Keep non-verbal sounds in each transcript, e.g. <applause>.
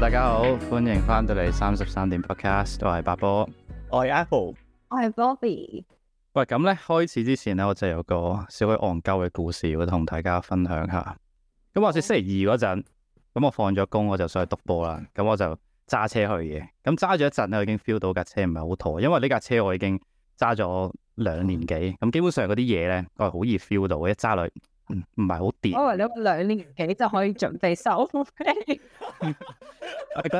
大家好，歡迎翻到嚟三十三點 Podcast，我係八波，我係 Apple，我係 Bobby。喂，咁咧開始之前咧，我就有個小鬼戇鳩嘅故事要同大家分享下。咁話說星期二嗰陣，咁我放咗工，我就想去讀波啦。咁我就揸車去嘅，咁揸咗一陣咧，我已經 feel 到架車唔係好妥，因為呢架車我已經揸咗兩年幾，咁基本上嗰啲嘢咧，我係好易 feel 到，一揸女。唔唔係好掂，嗯、我話你兩年幾就可以準備收。嗰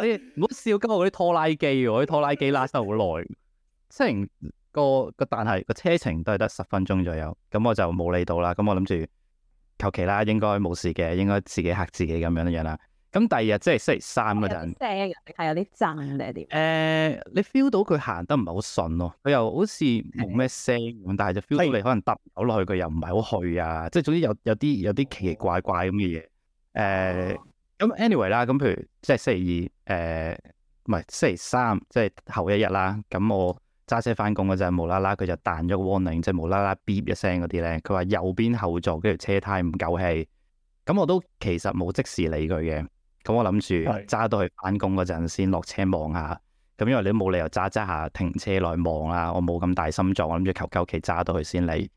啲唔好笑，， <laughs> 今日嗰啲拖拉機，嗰啲拖拉機拉得好耐。雖然，那個個，但係個車程都係得十分鐘左右，咁我就冇理到啦。咁我諗住求其啦，應該冇事嘅，應該自己嚇自己咁樣樣啦。咁第二日即係星期三嗰陣，聲係有啲震定係點？誒，你 feel 到佢行得唔係好順咯，佢又好似冇咩聲，但係就 feel 到你可能揼走落去佢又唔係好去啊，即係總之有有啲有啲奇奇怪怪咁嘅嘢。誒，咁 anyway 啦，咁譬如即係星期二誒，唔係星期三，即係後一日啦。咁我揸車翻工嗰陣，無啦啦佢就彈咗個 warning，即係無啦啦嗶一聲嗰啲咧，佢話右邊後座跟住車胎唔夠氣。咁我都其實冇即時理佢嘅。咁、嗯、我諗住揸到去翻工嗰陣先落車望下，咁因為你都冇理由揸揸下停車來望啊，我冇咁大心臟，我諗住求求其揸到去先理。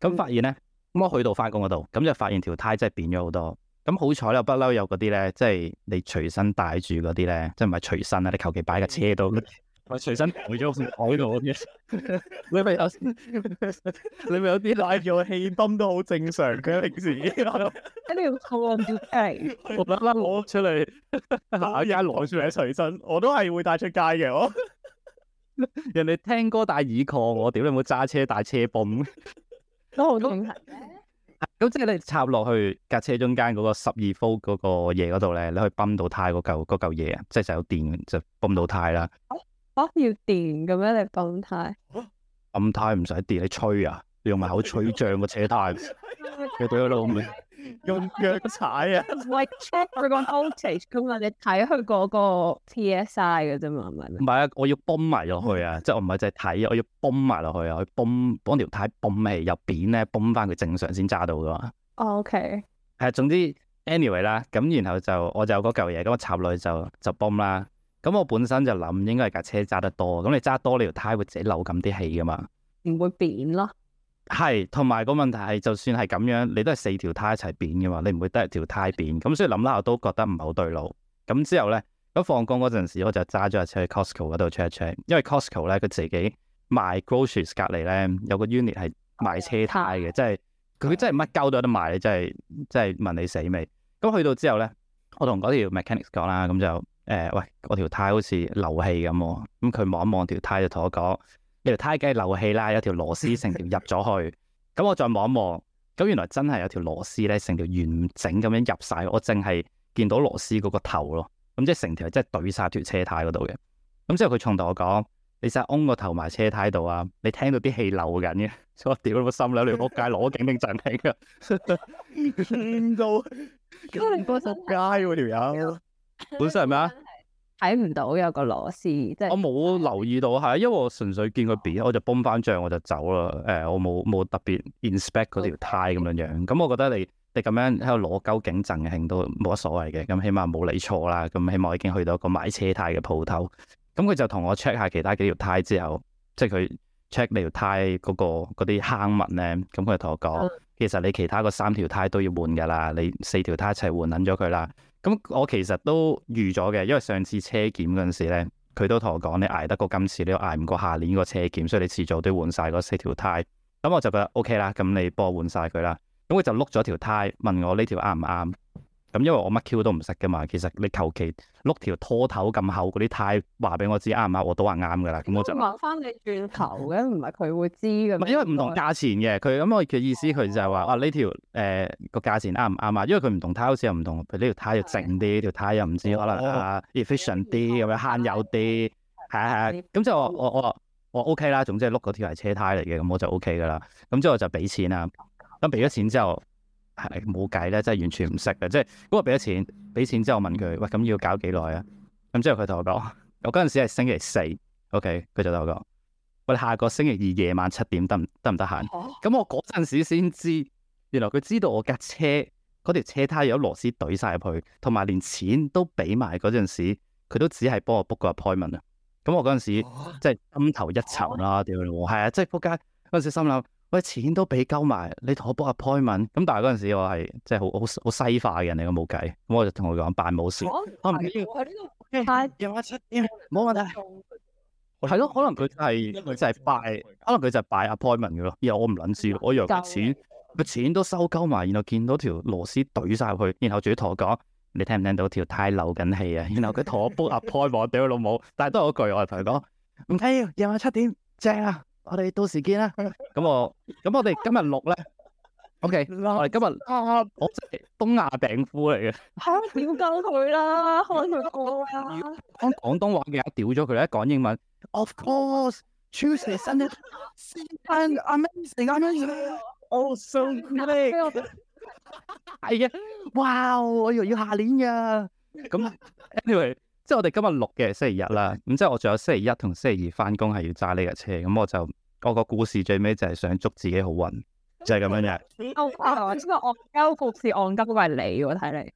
咁、嗯嗯嗯嗯嗯嗯、發現咧，我去到翻工嗰度，咁就發現條胎真係扁咗好多。咁、嗯、好彩咧，我不嬲有嗰啲咧，即係你隨身帶住嗰啲咧，即係唔係隨身啊？你求其擺架車度。 <laughs> 隨身我隨身攰咗，放喺度嘅。你咪有，你咪有啲拉住個氣泵都好正常嘅平時。咁你要套我條氣？我得啦，攞出嚟，打一攞出嚟隨身，我都係會帶出街嘅。我 <laughs> 人哋聽歌帶耳礦，我屌你冇揸車帶車泵。 <laughs> 都好正常嘅 <laughs> <laughs> 咁即係你插落去架車中間嗰個十二伏嗰個嘢嗰度咧，你可以泵到胎嗰嚿嘢啊，即係就有電就泵到胎啦。啊啊、哦，要電嘅咩？你泵胎？泵胎唔使電，你吹啊！你用埋口吹脹個車胎。佢對佢老味，用腳踩啊！喂，check 佢個 voltage 咁啊！你睇佢嗰個 PSI 嘅啫嘛，係咪？唔係啊，我要泵埋落去啊，即係我唔係淨係睇啊，我要泵埋落去啊，去泵幫條胎泵尾入邊咧，泵翻佢正常先揸到噶嘛。OK，係啊，總之 anyway 啦，咁然後就我就有嗰嚿嘢咁，我插落去就就泵啦。咁我本身就諗，應該係架車揸得多。咁你揸多，你條胎會自己漏咁啲氣噶嘛？唔會扁咯。係，同埋個問題係，就算係咁樣，你都係四條胎一齊扁噶嘛？你唔會得一條胎扁。咁所以諗啦，我都覺得唔係好對路。咁之後咧，咁放工嗰陣時，我就揸咗架車去 Costco 嗰度 check 一 check。因為 Costco 咧，佢自己賣 groceries 隔籬咧有個 unit 係賣車胎嘅，哎、即係佢真係乜膠都有得賣，你真係即係即係問你死未？咁去到之後咧，我同嗰條 mechanics 講啦，咁就。誒，喂，我條胎好似漏氣咁喎，咁佢望一望條胎就同我講：條胎梗係漏氣啦，有條螺絲成條入咗去。咁我再望一望，咁原來真係有條螺絲咧，成條完整咁樣入曬。我淨係見到螺絲嗰個頭咯，咁即係成條即係懟曬條車胎嗰度嘅。咁之後佢重同我講：你成日嗡個頭埋車胎度啊，你聽到啲氣漏緊嘅。我屌你個心啦，你仆街攞鏡定震嘅，見到仆街條友。本身係咩啊？睇唔到有個螺絲，即係我冇留意到係，因為我純粹見個扁，我就崩翻脹，我就走啦。誒，我冇冇、嗯欸、特別 inspect 嗰條、嗯、胎咁樣樣。咁、嗯、我覺得你你咁樣喺度攞景贈興都冇乜所謂嘅。咁、嗯、起碼冇理錯啦。咁起碼已經去到一個買車胎嘅鋪頭。咁、嗯、佢、嗯嗯、就同我 check 下其他幾條胎之後，即係佢 check 你條胎嗰、那個嗰啲坑紋咧。咁佢就同我講，嗯嗯嗯、其實你其他個三條胎都要換噶啦。你四條胎一齊換捻咗佢啦。咁我其實都預咗嘅，因為上次車檢嗰陣時咧，佢都同我講你捱得過今次，你又捱唔過下年呢個車檢，所以你遲早都要換晒嗰四條胎。咁我就覺得 OK 啦，咁你幫我換晒佢啦。咁佢就碌咗條胎問我呢條啱唔啱？咁因為我乜 Q 都唔識嘅嘛，其實你求其碌條拖頭咁厚嗰啲胎，話俾我知啱唔啱，我都話啱嘅啦。咁我就問翻你轉頭嘅，唔係佢會知嘅。因為唔同價錢嘅，佢咁我嘅意思佢就係話啊呢條誒個價錢啱唔啱啊？因為佢唔同胎好似又唔同，譬如呢條胎要靜啲，條胎又唔知可能啊 efficient 啲咁樣慳油啲，係啊係啊。咁即係我我我我 OK 啦，總之係碌嗰條係車胎嚟嘅，咁我就 OK 嘅啦。咁之後我就俾錢啦。咁俾咗錢之後。係冇計啦，真係完全唔識嘅，即係嗰個俾咗錢，俾錢之後我問佢，喂咁要搞幾耐啊？咁之後佢同我講，我嗰陣時係星期四，OK，佢就同我講，我哋下個星期二夜晚七點得唔得唔得閒？咁我嗰陣時先知，原來佢知道我架車嗰條車胎有螺絲懟晒入去，同埋連錢都俾埋嗰陣時，佢都只係幫我 book 個 appointment 啊！咁我嗰陣時即係心頭一沉啦，屌，係啊，即係仆街嗰陣時心諗。喂，錢都俾鳩埋，你同我 book appointment 咁，但係嗰陣時我係即係好好好西化嘅人嚟，咁冇計，咁我就同佢講辦冇事，我唔要喺呢度。o 又話七點，冇問題，係咯，可能佢就係，佢就係拜，可能佢就係拜 appointment 嘅咯。然後我唔捻知我以為錢，個錢都收鳩埋，然後見到條螺絲懟晒入去，然後仲要同我講，你聽唔聽到條胎漏緊氣啊？然後佢同我 book appointment 老母，但係都係嗰句，我同佢講唔緊要，又話七點正啊。我哋到時見啦。咁我咁我哋今日錄咧，OK，我哋今日我即係，東亞病夫嚟嘅。吓，點鳩佢啦，開佢過啦，講廣東話嘅人屌咗佢啦，講英文，Of course, choose the new, modern, amazing, amazing, oh so great，係呀，哇哦，我又要下年呀，咁，Anyway。即係我哋今日錄嘅星期日啦，咁即係我仲有星期一同星期二翻工係要揸呢架車，咁我就我個故事最尾就係想祝自己好運，你就係咁樣嘅。哦、 <laughs> <laughs> 嗯，即係戇交服侍戇交嗰個係你我睇嚟。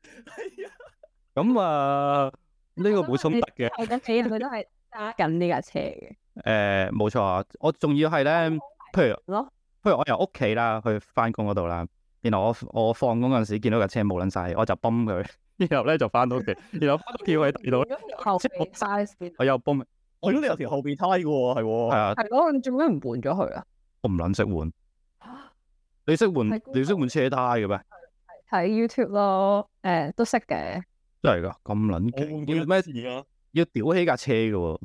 咁啊，呢、這個冇衝突嘅，佢都係揸緊呢架車嘅。誒，冇錯啊，我仲要係咧，譬如，譬如我由屋企啦去翻工嗰度啦，然後我我放工嗰陣時見到架車冇輪晒，我就泵佢。然後咧就翻到屋企，然後跳喺地度，後邊 size，我有幫，我見到有條後邊胎嘅喎。係喎，係啊，係咯，你做咩唔換咗佢啊？我唔撚識換，你識換，你識換車胎嘅咩？喺 YouTube 咯，誒，都識嘅，真係噶，咁撚勁，要咩事啊？要屌起架車嘅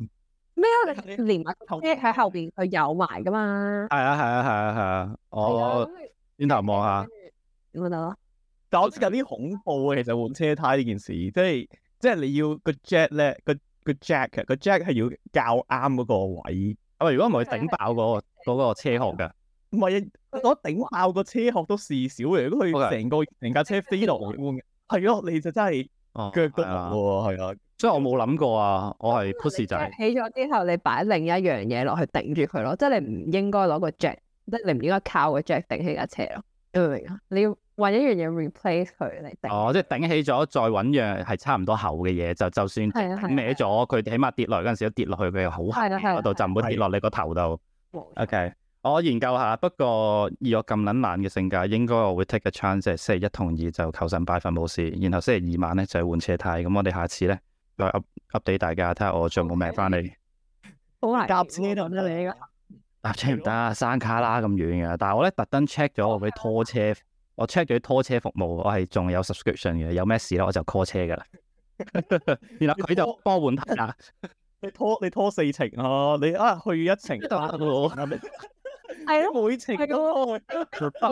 咩啊？你連埋喺後邊佢有埋噶嘛？係啊係啊係啊係啊，我轉頭望下，點啊到？但我知有啲恐怖嘅，其實換車胎呢件事，即係即係你要個 jack 咧，個個 jack 個 jack 係要校啱嗰個位，係，如果唔係，會頂爆嗰個嗰個車殼㗎。唔係，我頂爆個車殼都事少，如果佢成個成架車跌落嚟換，係咯，你就真係腳骨折，係啊！即係我冇諗過啊，我係 push 仔起咗之後，你擺另一樣嘢落去頂住佢咯。即係你唔應該攞個 jack，即係你唔應該靠個 jack 頂起架車咯。明唔明啊？你要。揾一樣嘢 replace 佢嚟頂，哦，即係頂起咗，再揾樣係差唔多厚嘅嘢，就就算歪咗，佢的起碼跌落嚟嗰陣時都跌落去佢又好嗰度，就唔會跌落你個頭度。的 OK，我研究下，不過以我咁撚懶嘅性格，應該我會 take a chance 即係星期一同二就求神拜佛冇事，然後星期二晚咧就換車胎。咁我哋下次咧再 up, update 大家睇下我仲冇命翻嚟。好、嗯、難搭車度。得嚟㗎，搭車唔得啊，山卡拉咁遠㗎。但係我咧特登 check 咗我啲拖車。Okay. 我 check 咗拖車服務，我係仲有 subscription 嘅，有咩事咧我就 call 車噶啦。 <laughs> 然後佢就幫我換牌啦。你拖你拖四程啊，你啊去一程得咯，係啊，每程咯，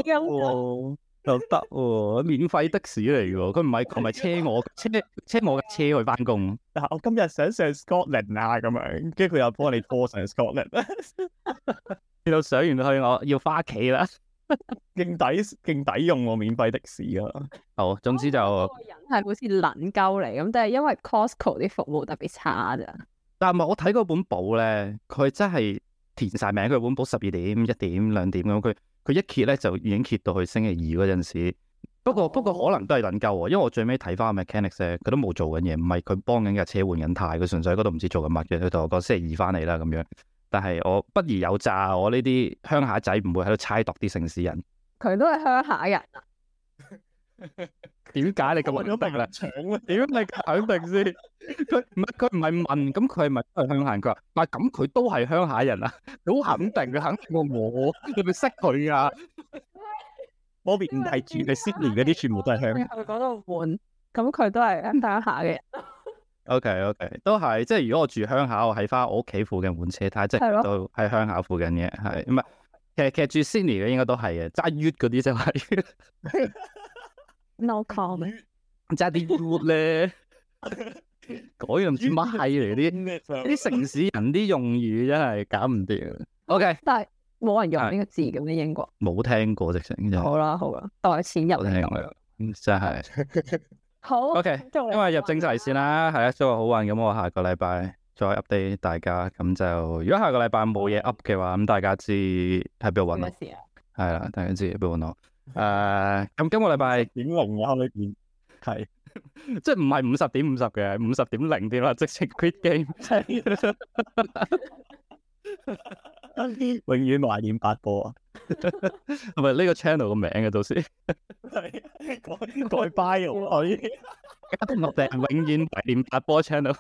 得哦又得哦，免費的士嚟嘅。佢唔係佢唔係車我車車我嘅車去翻工、 <laughs> 啊。我今日想上 Scotland 啊，咁樣，跟住佢又幫你拖上 Scotland。 <laughs> <laughs> 然後上完去我要翻屋企啦。 <laughs> 勁 <laughs> 抵勁抵用喎，免費的士啊！好，總之就、哦那個人係好似捻鳩嚟咁，但係因為 Costco 啲服務特別差咋。但係我睇嗰本簿咧，佢真係填晒名，佢本簿十二點、一點、兩點咁，佢佢一揭咧就已經揭到去星期二嗰陣時。不過、哦、不過可能都係捻鳩啊，因為我最尾睇翻 mechanics 咧，佢都冇做緊嘢，唔係佢幫緊架車換緊胎，佢純粹喺嗰度唔知做緊乜嘅，佢同我講星期二翻嚟啦咁樣。但係我不如有炸，我呢啲鄉下仔唔會喺度猜度啲城市人。佢都係鄉下人啊？點解你咁肯定咧？搶啊！點你肯定先？佢唔佢唔係問，咁佢問，問鄉下人，佢話，唔係咁，佢都係鄉下人啊！好肯定，佢肯定我我，你咪識佢啊？我邊唔係住喺悉尼嗰啲， <laughs> 全部都係鄉下。佢嗰度換，咁佢都係鄉下嘅。OK，OK，okay, okay. 都係，即係如果我住鄉下，我喺翻我屋企附近換車胎，但即係都喺鄉下附近嘅，係唔係？其實其實住 Sydney 嘅應該都係嘅，揸 U 嗰啲先係，No comment 嘅，揸啲 U 咧，嗰樣唔知乜閪嚟嗰啲，啲城市人啲用語真係搞唔掂。OK，但係冇人用呢個字咁樣，是英國冇聽過直情就，好啦好啦，代錢入嚟，真係是。 <laughs> 好，OK，因為入正題先啦，係啦，祝我好運，咁我下個禮拜再 update 大家，咁就如果下個禮拜冇嘢 up 嘅話，咁、嗯、大家知係邊個揾啊？係啊，大家知邊個揾咯？誒，咁今個禮拜點零啊？呢邊係即係唔係五十點五十嘅，五十點零添啊！即係 quit game， <laughs> <laughs> <laughs> 永遠懷念八波。係咪呢個 channel 個名嘅到時？改改 bio 可以。我定永遠點發波 channel？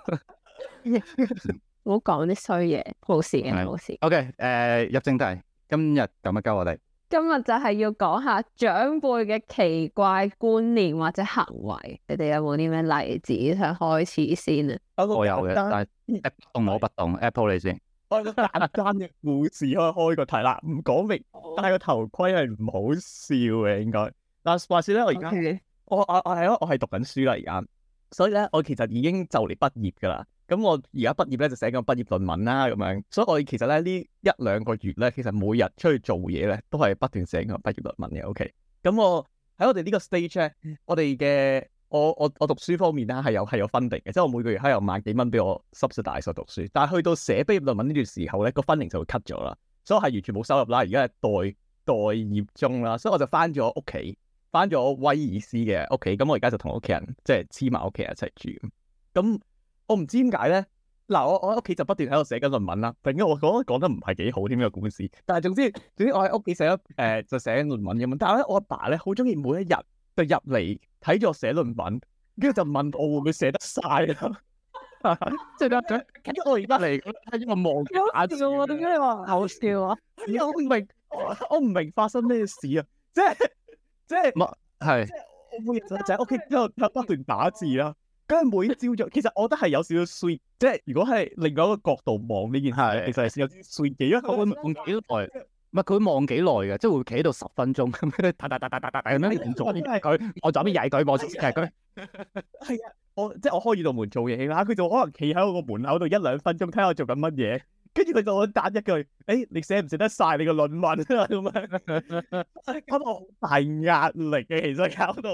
唔好講啲衰嘢，冇事嘅冇事。OK，誒，入正題，今日咁樣，交我哋。今日就係要講下長輩嘅奇怪觀念或者行為，你哋有冇啲咩例子？想開始先啊？我有嘅，但係不動我不動 Apple 你先。我個大間嘅護士可以開個題啦，唔講明，但係個頭盔係唔好笑嘅應該。但係話說咧，我而家我我我係咯，我係讀緊書啦而家，所以咧我其實已經畢畢就嚟畢業噶啦。咁我而家畢業咧就寫緊畢業論文啦咁樣，所以我其實咧呢一兩個月咧，其實每日出去做嘢咧都係不斷寫緊畢業論文嘅。O K，咁我喺我哋呢個 stage 咧，我哋嘅。我我我讀書方面啦、啊，係有係有 funding 嘅，即係我每個月喺度萬幾蚊俾我，入咗大所讀書。但係去到寫畢業論文呢段時候咧，個 funding 就會 cut 咗啦，所以係完全冇收入啦。而家係待待業中啦，所以我就返咗屋企，返咗威爾斯嘅屋企。咁我而家就同屋企人即係黐埋屋企人一齊住。咁我唔知點解咧，嗱，我我喺屋企就不斷喺度寫緊論文啦。突然間我講講得唔係幾好添嘅、這個、故事，但係總之總之我喺屋企寫咗誒、呃、就寫緊論文咁。但係咧我阿爸咧好中意每一日。就入嚟睇住我寫論文，跟住就問我會唔會寫得晒啦，即係得咁。我而家嚟睇住我望住眼做，點解你話好笑啊？我唔明，我我唔明發生咩事啊？即係即係，係即係我每日就喺屋企之後就不斷打字啦。跟住每朝早，其實我都係有少少 sweet。即係如果係另外一個角度望呢件事，其實係有啲 sweet 嘅，好唔好笑啊？唔係佢望幾耐㗎，即係會企喺度十分鐘，噠噠噠噠噠噠，有咩動作？佢我就邊踹佢望住踹佢。係啊，我即係我開完道門做嘢啦，佢就可能企喺我個門口度一兩分鐘，睇我做緊乜嘢，跟住佢就會答一句，誒，你寫唔寫得晒你個論文啊？咁樣，搞到好大壓力嘅，其實搞到。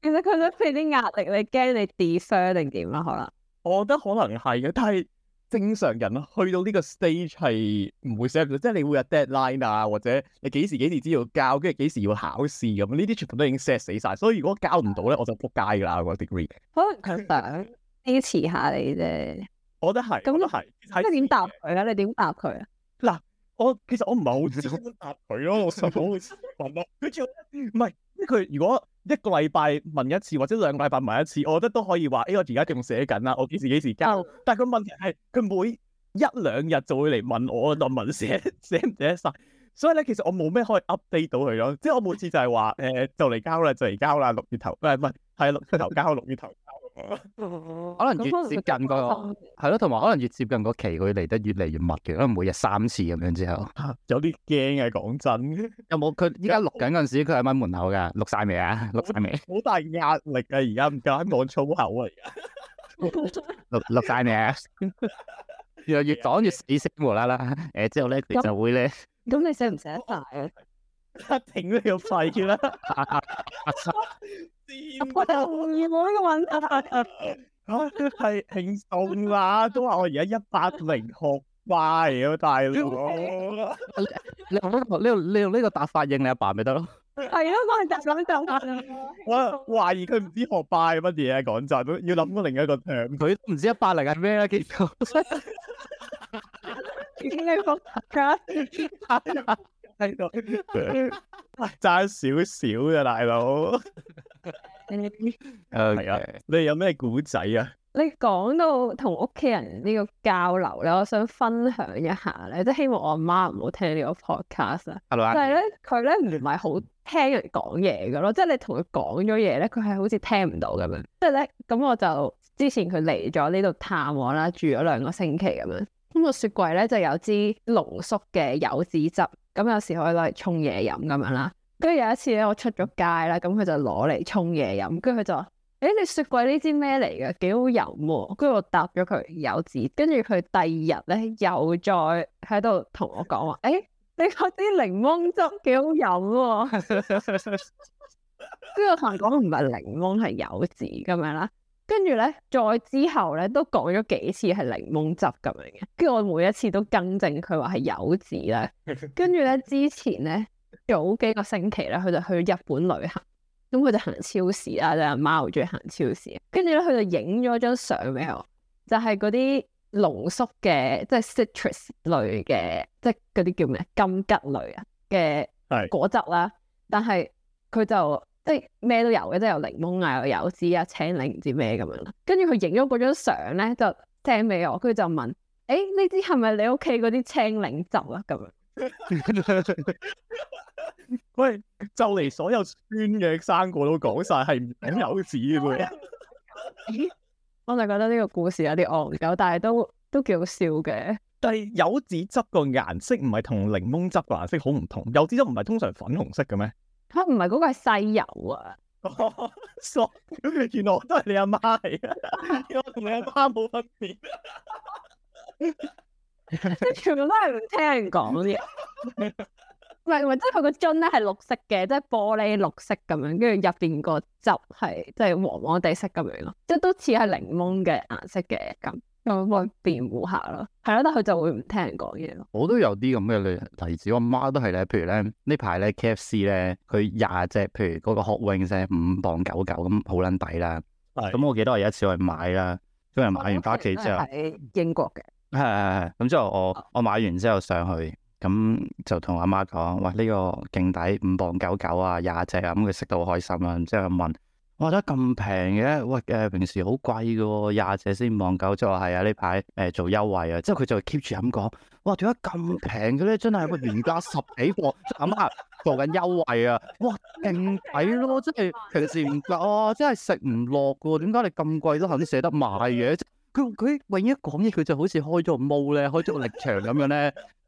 其實佢想俾啲壓力，你驚你 defer 定點啦？可能，我覺得可能係嘅，但係。正常人去到呢個 stage 係唔會 set 到，即係你會有 deadline 啊，或者你幾時幾時至要交，跟住幾時要考試咁，呢啲全部都已經 set 死晒，所以如果交唔到咧，我就撲街噶啦，我個 degree。可能佢想支持下你啫。我都係。咁都係。即係點答佢啊？你點答佢啊？嗱，我其實我唔係好點答佢咯，我想，想問問佢，唔係即佢如果。一個禮拜問一次或者兩個禮拜問一次，我覺得都可以話，誒我而家仲寫緊啦，我幾時幾時交？但係佢問題係，佢每一兩日就會嚟問我，論文寫寫唔寫晒？所以咧其實我冇咩可以 update 到佢咯，即係我每次就係話，誒就嚟交啦，就嚟交啦，六月頭唔係問，係六月頭交六月頭。 <laughs> 可能越接近個係咯，同埋可能越接近個期，佢嚟得越嚟越密嘅。可能每日三次咁樣之後，有啲驚啊！講真，有冇佢依家錄緊嗰陣時，佢喺咪門口噶？錄晒未啊？錄晒未？好大壓力啊！而家唔敢講粗口啊！錄錄晒未啊？又越講越死死無啦啦，誒，之後咧佢就會咧，咁你寫唔寫得大啊？一定都要廢嘅喇。我又唔要我呢個問題，係輕鬆啦，都話我而家一八零學霸咯，大佬，你用呢用呢個答法應你阿爸咪得咯。係啊，我係答咁答法啊，我懷疑佢唔知學霸乜嘢啊，講真，要諗到另一個 term，佢唔知一八零係咩啊，結果點解講特價？係爭少少嘅大佬。係啊，你有咩古仔啊？你講到同屋企人呢個交流咧，我想分享一下咧，即係希望我阿媽唔好聽呢個 podcast 啊。Hello. 係咧，佢咧唔係好聽人講嘢嘅咯，即係你同佢講咗嘢咧，佢係好似聽唔到咁樣。即係咧，咁我就之前佢嚟咗呢度探我啦，住咗兩個星期咁樣。咁個雪櫃咧就有支濃縮嘅柚子汁。咁、嗯、有時可以攞嚟沖嘢飲咁樣啦。跟住有一次咧，我出咗街啦，咁佢就攞嚟沖嘢飲。跟住佢就話：誒、欸、你雪櫃呢支咩嚟嘅？幾好飲喎！跟住我答咗佢柚子。跟住佢第二日咧又再喺度同我講話：誒、欸、你嗰啲檸檬汁幾好飲？跟住我同佢講唔係檸檬，係柚子咁樣啦。跟住咧，再之後咧，都講咗幾次係檸檬汁咁樣嘅。跟住我每一次都更正佢話係柚子咧。跟住咧，之前咧，早幾個星期咧，佢就去日本旅行，咁佢就行超市啦。即係貓最行超市，跟住咧，佢就影咗張相俾我，就係嗰啲濃縮嘅，即係 citrus 類嘅，即係嗰啲叫咩金桔類啊嘅果汁啦。是但係佢就。即係咩都有嘅，即係有檸檬啊，有柚子啊，青檸唔知咩咁樣啦。跟住佢影咗嗰張相咧，就聽俾我，跟住就問，誒呢啲係咪你屋企嗰啲青檸汁啊？咁樣。 <laughs> 喂，就嚟所有酸嘅生果都講晒係唔柚子嘅咩？ <laughs> 咦，我就覺得呢個故事有啲戇鳩，但係都都幾好笑嘅。但係柚子汁個顏色唔係同檸檬汁個顏色好唔同？柚子汁唔係通常粉紅色嘅咩？吓，唔係嗰個係細油啊！傻、那個啊， <laughs> <laughs> 原來 <laughs> <laughs> 都係你阿媽嚟，因為我同你阿媽冇分別，即係全部都係唔聽人講嘢。唔係，唔係，即係佢個樽咧係綠色嘅，即係玻璃綠色咁樣，跟住入邊個汁係即係黃黃地色咁樣咯，即係都似係檸檬嘅顏色嘅咁。咁幫辯護下咯，係咯，但係佢就會唔聽人講嘢咯。我都有啲咁嘅例例子，我媽都係咧。譬如咧呢排咧 KFC 咧，佢廿隻，譬如嗰個 Hot Wings 五磅九九咁好撚抵啦。咁是、嗯、我記得我有一次去買啦，即係買完返屋企之後，喺英國嘅。係係係。咁之後我、哦、我買完之後上去，咁就同阿媽講，哇，呢、呢個勁抵，五磅九九啊，廿隻啊，咁佢食到好開心啊。之後問。哇！點解咁平嘅？喂，誒，平時好貴嘅喎，廿隻先望九，即係話啊呢排誒做優惠啊，之後佢就 keep 住咁講。哇！點解咁平嘅咧？真係原價十幾磅，即係啱下做緊優惠啊！哇，勁抵咯！即係平時唔得，哇、啊！真係食唔落嘅，點解你咁貴都肯捨得賣嘅？佢佢永遠講嘢，佢就好似開咗個鋪咧，開咗個力場咁樣咧。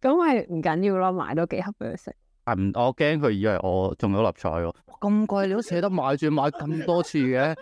咁咪唔緊要咯，買多幾盒俾佢食。唔，我驚佢以為我中咗六合彩喎。咁貴你都捨得買住買咁多次嘅？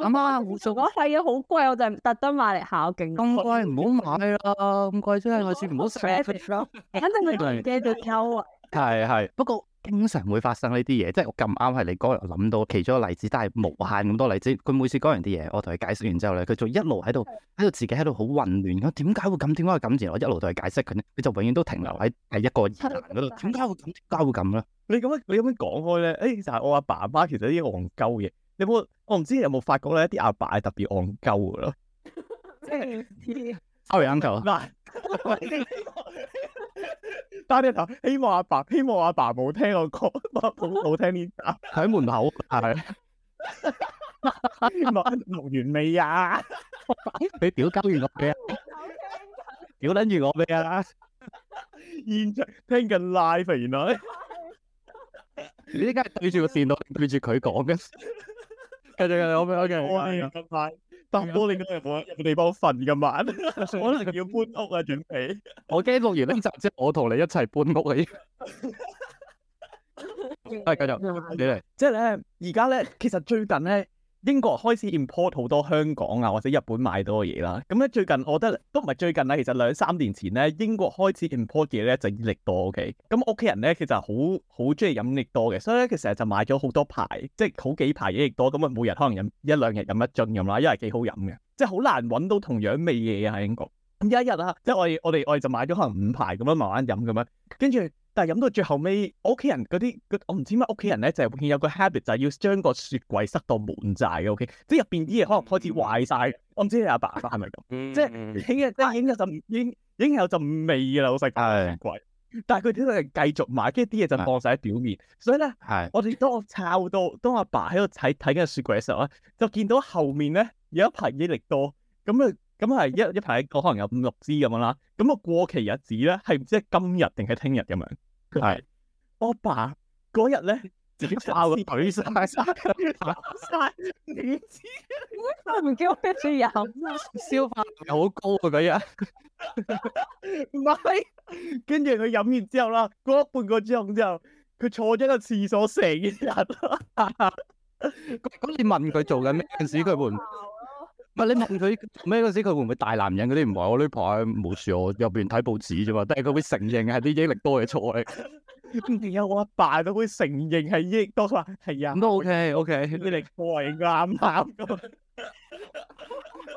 阿媽，我係啊，好貴我就特登買嚟孝敬。咁貴唔好買啦，咁貴真係下次唔好食咯。反正佢唔記得就收啊。係係。不過。經常會發生呢啲嘢，即係我咁啱係你嗰日諗到其中一個例子，但係無限咁多例子，佢每次講完啲嘢，我同佢解釋完之後咧，佢就一路喺度，喺度自己喺度好混亂嘅，點解會咁？點解會咁？而我一路同佢解釋佢咧，佢就永遠都停留喺係一個疑難嗰度。點解會咁？點解會咁咧？你咁樣你咁樣講開咧，誒、哎，但係我阿爸阿媽、媽其實啲戇鳩嘢，你有冇？我唔知你有冇發覺咧，一啲阿爸係特別戇鳩噶咯，即係阿偉 uncle 大家睇下，希望阿爸，希望阿爸冇聽我講，冇冇聽呢啲。喺門口係，希望唔完美呀。你屌鳩完我未？屌撚住我未？現在聽緊 live，原來你依家係對住個電腦，對住佢講嘅。繼續繼續，我我嘅。奔波，你嗰日冇冇地方瞓，咁可能要搬屋啊，轉皮。 <laughs> 我驚錄完呢集，即係我同你一齊搬屋啊！係 <laughs> 繼 <laughs> 續，你嚟。即係咧，而家咧，其實最近咧。英國開始 import 好多香港啊或者日本買到嘅嘢啦，咁咧最近我覺得都唔係最近啦，其實兩三年前咧英國開始 import 嘢咧就益力多嘅。咁屋企人咧，其實好好中意飲益力多嘅，所以咧其實就買咗好多排，即係好幾排益力多，咁啊每日可能飲一兩日飲一樽咁啦，因為幾好飲嘅，即係好難揾到同樣味嘢喺、啊、英國。咁有一日啊，即係我我哋我哋就買咗可能五排咁樣慢慢飲咁樣，跟住。但係飲到最後尾，屋企人嗰啲，我唔知乜屋企人咧，就係、會見、有個 habit 就係要將個雪櫃塞到滿曬嘅，O K，即係入邊啲嘢可能開始壞晒。嗯、我唔知你阿爸係咪咁，嗯嗯、即係、嗯、已經即係已經陣已經已經有陣味啦，老細，雪櫃，哎、但係佢都係繼續買，跟住啲嘢就放晒喺表面，哎、所以咧，我哋、哎、當我抄到當阿爸喺度睇睇緊個雪櫃嘅時候咧，就見到後面咧有一排益力多咁樣。咁係一一排，我可能有五六支咁樣啦。咁個過期日子咧，係唔知係今日定係聽日咁樣。係對，我爸嗰日咧，自己爆佢嘴晒晒，哎、你知唔叫佢飲啊？消化又好高啊！嗰日唔係，跟住佢飲完之後啦，過咗半個鐘之後，佢坐咗個廁所成日、 <laughs> 嗯。咁、嗯、你問佢做緊咩事，佢會、 <laughs> 喔？笑好笑唔係你問佢咩嗰時，佢會唔會大男人嗰啲唔話我女婆冇事，我入邊睇報紙啫嘛？但係佢會承認係啲益力多嘢錯嚟，有我阿爸都會承認係益力多佢話係人都 OK OK，益力多係啱啱。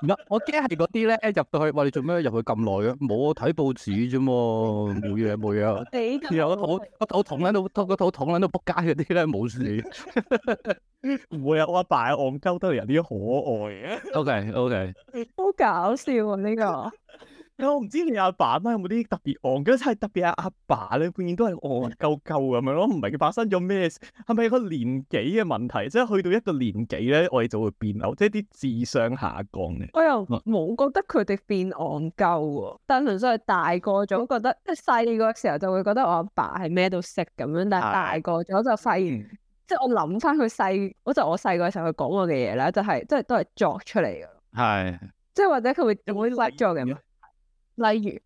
唔得，我驚係嗰啲咧一入到去，話你做咩入去咁耐嘅？冇睇報紙啫喎，冇嘢冇嘢。 <laughs> 然後個肚個肚痛喺度，個肚痛喺度仆街嗰啲咧冇事，唔會有我阿爸喺戇鳩都有啲可愛嘅。O K O K，好搞笑啊呢、呢個。 <laughs> 我唔知你阿爸阿媽，媽有冇啲特別憨，覺得真係特別阿阿爸咧，永遠都係憨鳩鳩咁樣咯，唔明發生咗咩事，係咪個年紀嘅問題？即係去到一個年紀咧，我哋就會變老，即係啲智商下降嘅。我又冇覺得佢哋變憨鳩，但係純粹係大個咗、嗯、覺得，即係細個嘅時候就會覺得我阿爸係咩都識咁樣，但係大個咗就發現、嗯，即係我諗翻佢細，我就我細個嘅時候佢講過嘅嘢咧，就係、是、即係都係作出嚟嘅。係、嗯、即係或者佢會會咗嘅咩？有例如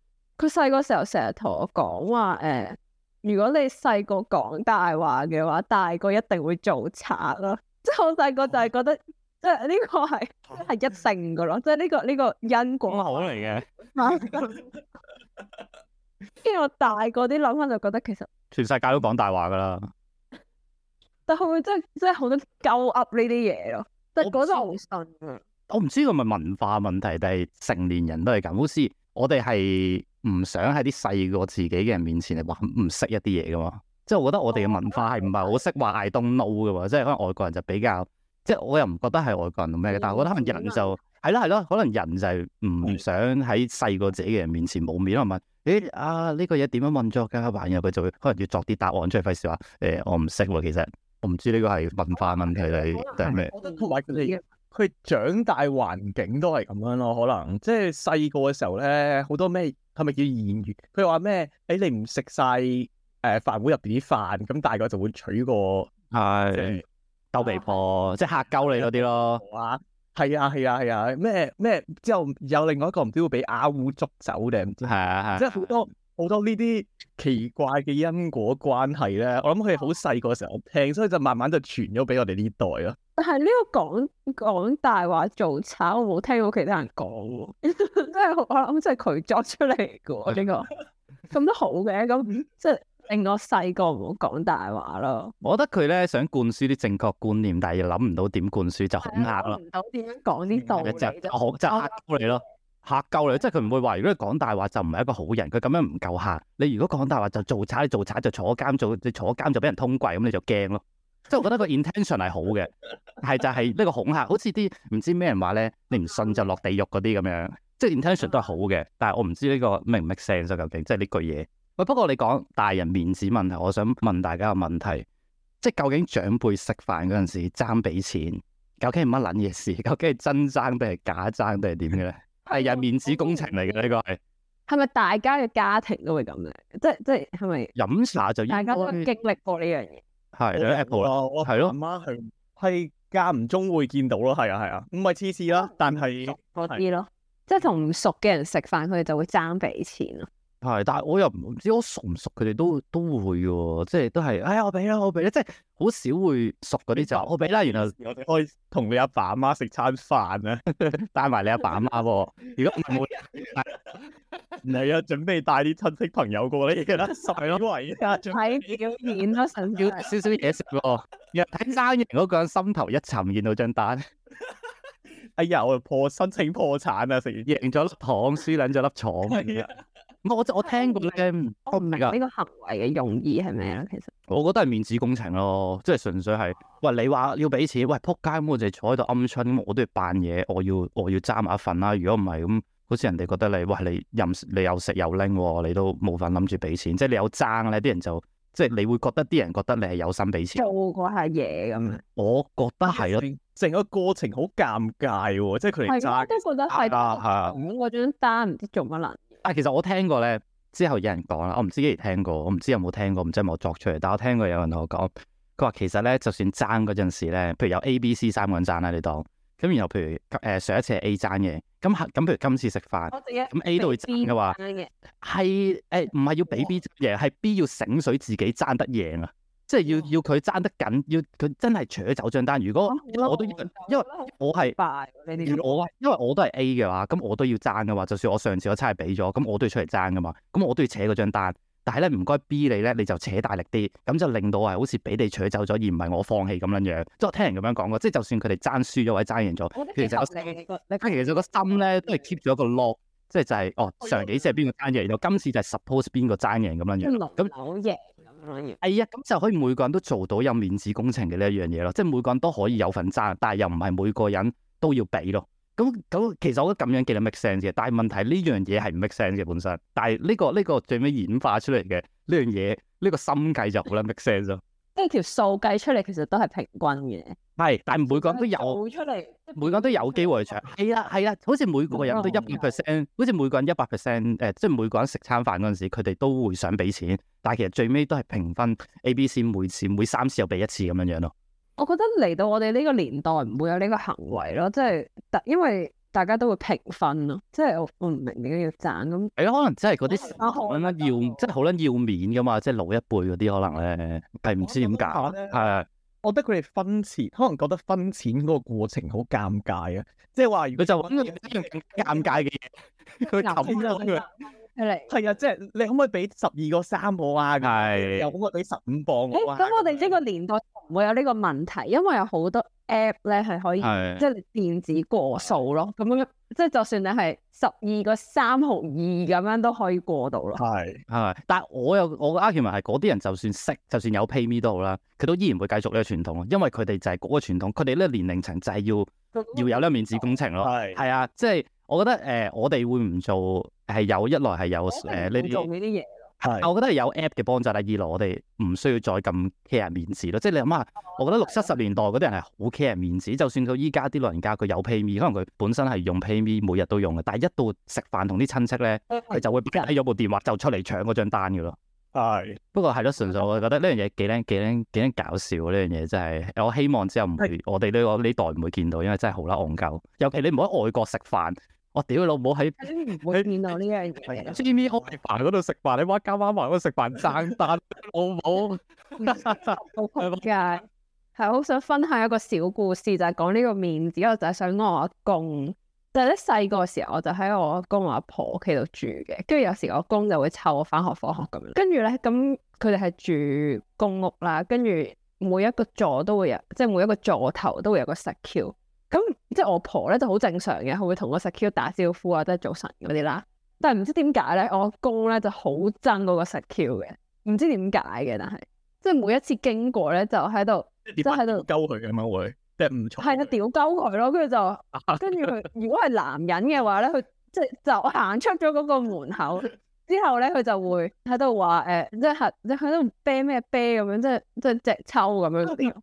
佢細個時候成日同我講話，誒、欸，如果你細個講大話嘅話，大個一定會做賊咯。即 <laughs> 係我細個就係覺得，即係呢個係係一性噶咯。 <laughs> 即係呢、這個呢、這個因果好嚟嘅。跟住我大個啲諗翻就覺得，其實全世界都講大話噶啦。 <laughs> 但係會唔會真係真係好多鳩噏呢啲嘢咯？但係嗰度好信我唔知佢係咪文化問題，定係成年人都係咁，好似。我哋係唔想喺啲細過自己嘅人面前嚟話唔識一啲嘢噶嘛，即係我覺得我哋嘅文化係唔係好識話 I don't know 噶嘛，即係可能外國人就比較，即係我又唔覺得係外國人同咩嘅，但係我覺得可能人就係啦係咯，可能人就係唔想喺細過自己嘅人面前冇面咯，問，誒啊呢個嘢點樣運作嘅？然後佢、啊這個、就會可能要作啲答案出嚟，費事話誒我唔識喎，其實我唔知呢個係文化問題定係咩？的佢長大環境都係咁樣咯，可能即係細個嘅時候咧，好多咩係咪叫諺語？佢話咩？誒、哎、你唔食晒誒飯碗入邊啲飯，咁大個就會娶個係、哎就是、豆皮婆、啊，即係嚇鳩你嗰啲咯。啊，係啊，係啊，係啊，咩咩之後有另外一個唔知會俾阿烏捉走定？係啊係啊，啊啊啊啊即係好多好多呢啲奇怪嘅因果關係咧。我諗佢好細個嘅時候我聽，所以就慢慢就傳咗俾我哋呢代咯。係呢個講，講大話做賊，我冇聽過其他人講， <laughs> 真係、 <laughs> 這個，我諗即係佢作出嚟噶。呢個咁都好嘅，咁即係令我細個唔好講大話咯。我覺得佢咧，想灌輸啲正確觀念，但係又諗唔到點灌輸就恐嚇咯。諗唔到點樣講呢度，就學 <laughs> 就嚇你咯，嚇夠你。 <laughs> 即係佢唔會話，如果你講大話就唔係一個好人。佢咁樣唔夠嚇你。如果講大話就做賊，你做賊就坐監，做你坐監就俾人通櫃，咁你就驚咯。即係我覺得個 intention 係好嘅，係就係呢個恐嚇，好似啲唔知咩人話咧，你唔信就落地獄嗰啲咁樣。即係 intention 都係好嘅，但係我唔知呢個 make 唔 make sense 究竟，即係呢句嘢。喂，不過你講大人面子問題，我想問大家個問題，即係究竟長輩食飯嗰陣時爭俾錢，究竟係乜撚嘢事？究竟係真爭定係假爭定係點嘅咧？係有面子工程嚟嘅呢個係。係咪大家嘅家庭都會咁樣呢？即係即係係咪？飲茶就大家都經歷過呢樣嘢。係啦，Apple 了我咯，我係咯，阿媽係係間唔中會見到咯，係啊係啊，唔係次次咯，但係熟啲咯，即係同熟嘅人食飯，佢哋就會爭俾錢咯。係，但係我又唔唔知我熟唔熟，佢哋都都會即係都係，哎呀，我俾啦，我俾啦，即係好少會熟嗰啲就我俾啦。然後我哋可以同你阿爸阿媽食餐飯啊，帶埋你阿爸阿媽。如果唔會，你啊，準備帶啲親戚朋友過嚟啦，熟咯，睇表演咯，神少少嘢食咯，睇生意嗰個人，心頭一沉，見到張單，哎呀，我破申請破產啦，食完贏咗粒糖，輸捻咗粒廠。我，我聽過咧。我唔明呢個行為嘅用意係咩啊？其實我覺得係面子工程咯，即係純粹係喂，你話要俾錢喂撲街，我就坐喺度鵪鶉，我都要扮嘢，我要我要揸埋一份啦。如果唔係咁，好似人哋覺得你喂，你任你又食又拎，你都冇份諗住俾錢。即係你有爭咧，啲人就即係你會覺得啲人覺得你係有心俾錢做下嘢咁。我覺得係咯，哎呀，整個過程好尷尬啊，即係佢哋揸。我都覺得係，係啊的，咁嗰張單唔知做乜難。啊，其實我聽過咧，之後有人講啦，我唔知幾時聽過，我唔知有冇聽過，唔知有冇作出嚟，但我聽過有人同我講，佢話其實咧，就算爭嗰陣時咧，譬如有 A、B、C 三個人爭啦，啊，你當咁，然後譬如誒、呃、上一次係 A 爭嘅，咁咁，譬如今次食飯，咁 A 都會爭嘅話，係誒唔係要俾 B 贏，係哇 B 要醒水自己爭得贏啊。即係要要佢爭得緊，要佢真係扯走張單。如果我都因為我係，我因為我都係 A 嘅話，咁我都要爭嘅話，就算我上次我差係俾咗，咁我都要出嚟爭噶嘛。咁我都要扯嗰張單。但係咧唔該 B 你咧，你就扯大力啲，咁就令到係好似俾你扯走咗，而唔係我放棄咁樣樣。即係我聽人咁樣講過，即係就算佢哋爭輸咗或者爭贏咗，其實個心咧都係 keep 咗一個 lock，即係就係哦上幾次係邊個爭贏，然後今次就係 suppose 邊個爭贏咁樣樣。咁扭贏。係啊，咁就可以每個人都做到有面子工程嘅呢一樣嘢咯，即係每個人都可以有份爭，但係又唔係每個人都要俾咯。咁咁，其實我覺得咁樣幾得 make sense 嘅。但係問題呢樣嘢係唔 make sense 嘅本身。但係、呢、呢個呢、呢個最尾演化出嚟嘅呢樣嘢，呢、呢個呢個心計就好啦，make sense 咯。即係條數計出嚟，其實都係平均嘅。係，但係每個人都有出嚟，就是、每個人都有機會搶。係啦，係啦，好似每個人都一百 percent，好似每個人一百 percent，誒，即係每個人食餐飯嗰陣時，佢哋都會想俾錢。但係其實最尾都係平分 A、B、C 每次每三次又俾一次咁樣樣咯。我覺得嚟到我哋呢個年代唔會有呢個行為咯，即係，因因為大家都會平分咯。即係我唔明點解要讚咁。誒、嗯，嗯、可能真係嗰啲要，即係好捻要面噶嘛，即係老一輩嗰啲可能咧，係唔知點解。係，我覺得佢哋是分錢可能覺得分錢嗰個過程好尷尬啊，即係話如果就揾個更尷尬嘅嘢，佢冚咗係啊，即係你可唔可以俾十二個三毫啊？係，有可唔可以俾十五磅？誒，咁我哋呢個年代唔會有呢個問題，因為有好多 app 咧，係可以，即係電子過數咯。咁樣即係就算你係十二個三毫二咁樣都可以過到咯。係係，但係我有，我嘅 argument 係嗰啲人就算識，就算有 PayMe 都好啦，佢都依然會繼續呢個傳統咯，因為佢哋就係嗰個傳統，佢哋呢個年齡層就係要要有呢個面子工程咯。係係啊，即係我覺得誒，我哋會唔做？係有，一來係有誒，你用呢啲嘢係，我覺得係有 app 嘅幫助啦。二來我哋唔需要再咁 care 面子咯。即係你諗下，我覺得六七十年代嗰啲人係好 care 面子。就算佢依家啲老人家，佢有 PayMe，可能佢本身係用 PayMe，每日都用嘅。但係一到食飯同啲親戚咧，佢的就會擺起咗部電話就出嚟搶嗰張單噶咯。係的，不過係咯，純粹我覺得呢樣嘢幾靚幾幾搞笑。呢樣嘢真係，我希望之後唔會的我哋呢個呢代唔會見到，因為真係好啦戇鳩。尤其你唔好喺外國食飯。我屌老母喺喺見到呢樣嘢，喺啲屋企排嗰度食飯，喺孖家孖排嗰度食飯爭單，我冇，好撲街，係好想分享一個小故事，就係講呢個面子，我就係想我阿公。就喺細個時候我我，我就喺我阿公阿婆屋企度住嘅，跟住有時我阿公就會湊我翻學放學咁樣，跟住咧咁佢哋係住公屋啦，跟住每一個座都會有，即係每一個座頭都會有個石橋。咁、嗯、即係我婆咧就好正常嘅，佢會唔會同個 security 打招呼啊？即係早晨嗰啲啦。但係唔知點解咧，我公咧就好憎嗰個 security 嘅，唔知點解嘅。但係即係每一次經過咧，就喺度即就喺度鳩佢咁樣會，即係唔錯係啊，屌鳩佢咯。跟住就跟住佢，如果係男人嘅話咧，佢即係就行出咗嗰個門口之後咧，佢就會喺度話誒，即係即喺度啤咩啤咁樣，即係即係直抽咁樣啲。 <laughs>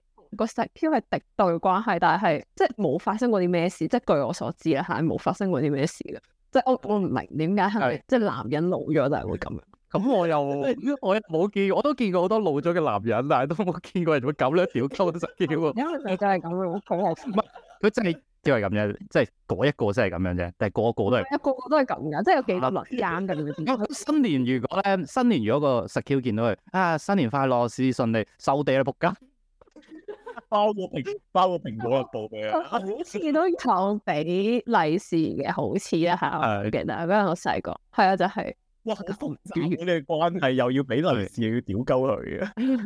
個石橋係敵對關係，但係即係冇發生過啲咩事，即係據我所知啦，係冇發生過啲咩事嘅。即係我我唔明點解係即係男人老咗就係會咁樣？咁 <laughs> 我又 <laughs> 我冇見過，我都見過好多老咗嘅男人，但係都冇見過人會咁咧，屌溝石橋啊！因為你就係咁樣，好講我佢真係只係咁啫，即係嗰一個先係咁樣啫，但係個個都係個個都係咁噶，即係有幾多輪姦噶？新年如果咧，新年如果個石橋見到佢啊，新年快樂，事事順利，收地啦仆街。 <laughs> 包個蘋包個蘋果嘅布俾啊，好似都有俾利是嘅，好似啊，係啊，記得嗰陣我細個，係啊，就係哇，咁複雜你哋關係又要俾利是，又要屌鳩佢嘅。我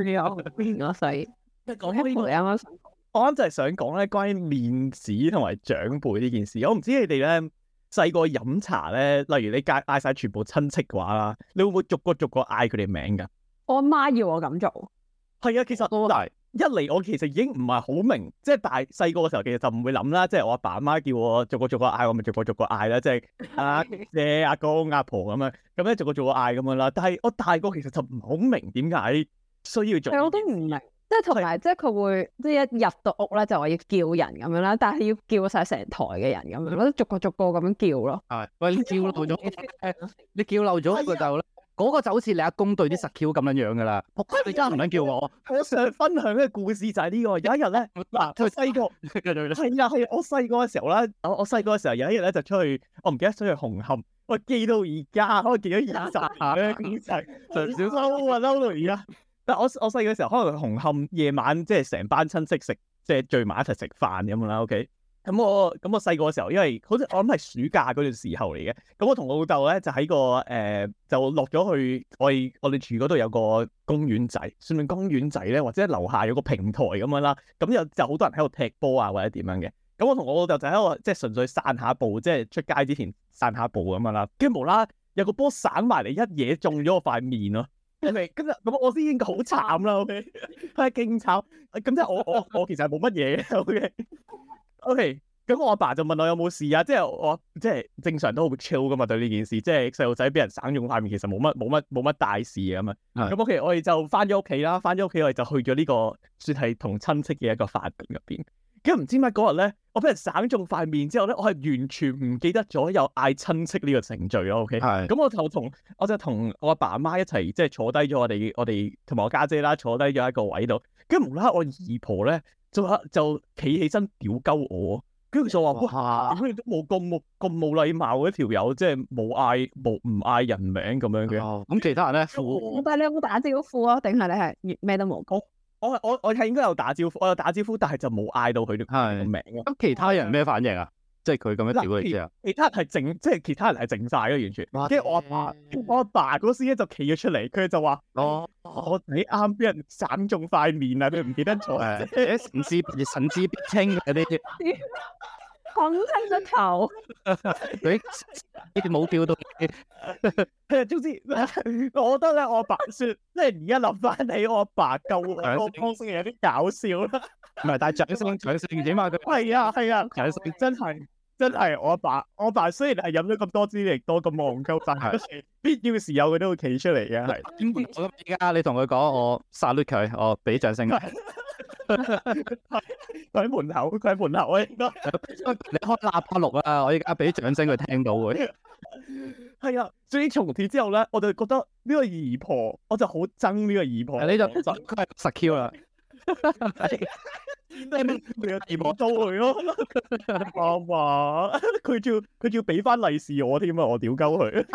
age, 有我細，講開我啱啱想，我啱就係想講咧，關於面子同埋長輩呢件事，我唔知你哋咧細個飲茶咧，例如你嗌嗌晒全部親戚嘅話啦，你會唔會逐個逐個嗌佢哋名㗎？我阿媽要我咁做，係啊的，其實嗱。一嚟我其實已經唔係好明，即係大細個嘅時候其實就唔會諗啦，即係我阿爸阿媽叫我逐個逐個嗌，我咪逐個逐個嗌啦，即係阿阿阿公阿婆咁樣，咁咧逐個逐個嗌咁樣啦。但係我大個其實就唔好明點解需要做。係，我都唔明，即係同埋即係佢會即係一入到屋咧就話要叫人咁樣啦，但係要叫晒成台嘅人咁樣，我都逐個逐個咁樣叫咯。係，喂，你叫漏咗，你叫漏咗個就嗰個就好似你阿公對啲實 Q 咁樣樣噶啦，的你真係唔肯叫我。我想分享嘅故事就係呢個，有一日咧，嗱，我細個係啊係，我細個嘅時候咧，我細個嘅時候有一日咧就出去，我唔記得出去紅磡，我記到而家可能記咗二十下咧，咁就就少收啊，嬲到而家。但係我我細個嘅時候，可能紅磡夜晚即係成班親戚食，即係聚埋一齊食飯咁樣啦，OK。咁我咁我細個嘅時候，因為好似我諗係暑假嗰段時候嚟嘅，咁我同我老豆咧就喺個誒就落咗去我我哋住嗰度有個公園仔，算唔算公園仔咧？或者樓下有個平台咁樣啦，咁有有好多人喺度踢波啊，或者點樣嘅？咁我同我老豆就喺度，即係純粹散下步，即係出街之前散下步咁樣啦。跟住無啦，有個波散埋嚟，一嘢中咗我塊面咯，跟住咁我先已經好慘啦，O K，係勁慘，咁即係我我我其實係冇乜嘢，O K。O K，咁我阿爸就問我有冇事啊？即係我即係正常都好 chill 噶嘛，對呢件事，即係細路仔俾人省中塊面，其實冇乜冇乜冇乜大事啊咁啊。咁 O K，我哋就翻咗屋企啦，翻咗屋企我哋就去咗呢個算係同親戚嘅一個飯局入邊。咁唔知乜嗰日咧，我俾人省中塊面之後咧，我係完全唔記得咗有嗌親戚呢個程序咯。O K，咁我就同我就同我阿爸阿媽一齊即係坐低咗我哋我哋同埋我家姐啦，坐低咗一個位度。咁無啦啦我姨婆咧，就就企起身屌鳩我，跟住就話：哇！點解你都冇咁冇咁冇禮貌嘅一條友，即係冇嗌冇唔嗌人名咁樣嘅？咁、哦、其他人咧？但係你有冇打招呼啊？定係你係咩都冇講？我我我係應該有打招呼，我有打招呼，但係就冇嗌到佢啲名。咁其他人咩反應啊？即係佢咁樣屌你，之其他係靜，即係其他人係靜晒咯，完全。跟住我阿爸，我阿爸嗰時咧就企咗出嚟，佢就話：，我你啱俾人斬中塊面啊！你唔記得咗啊，神志神志不清嗰啲，砍真個頭。你你冇屌到？總之，我覺得咧，我阿爸說，即係而家諗翻起我阿爸救我，我先有啲搞笑啦。唔係，但係掌聲掌聲，起碼佢係啊係啊，掌聲真係。真係我阿爸，我阿爸雖然係飲咗咁多支力多咁戇鳩，但係必要時有佢都會企出嚟嘅。係，我而家你同佢講，我殺虐佢，我俾掌聲佢。佢喺門口，佢喺門口，我應該你開喇叭錄啊！我而家俾掌聲佢聽到會。係 <laughs> 啊， <laughs> <laughs> 所以從此之後咧，我就覺得呢個姨婆，我就好憎呢個姨婆。你 <laughs> 就佢係實跳啊！ <laughs> 是係，變咗佢有電波租佢咯。阿 <laughs> 華，佢仲佢仲要俾翻利是我添啊！我屌鳩佢， <laughs>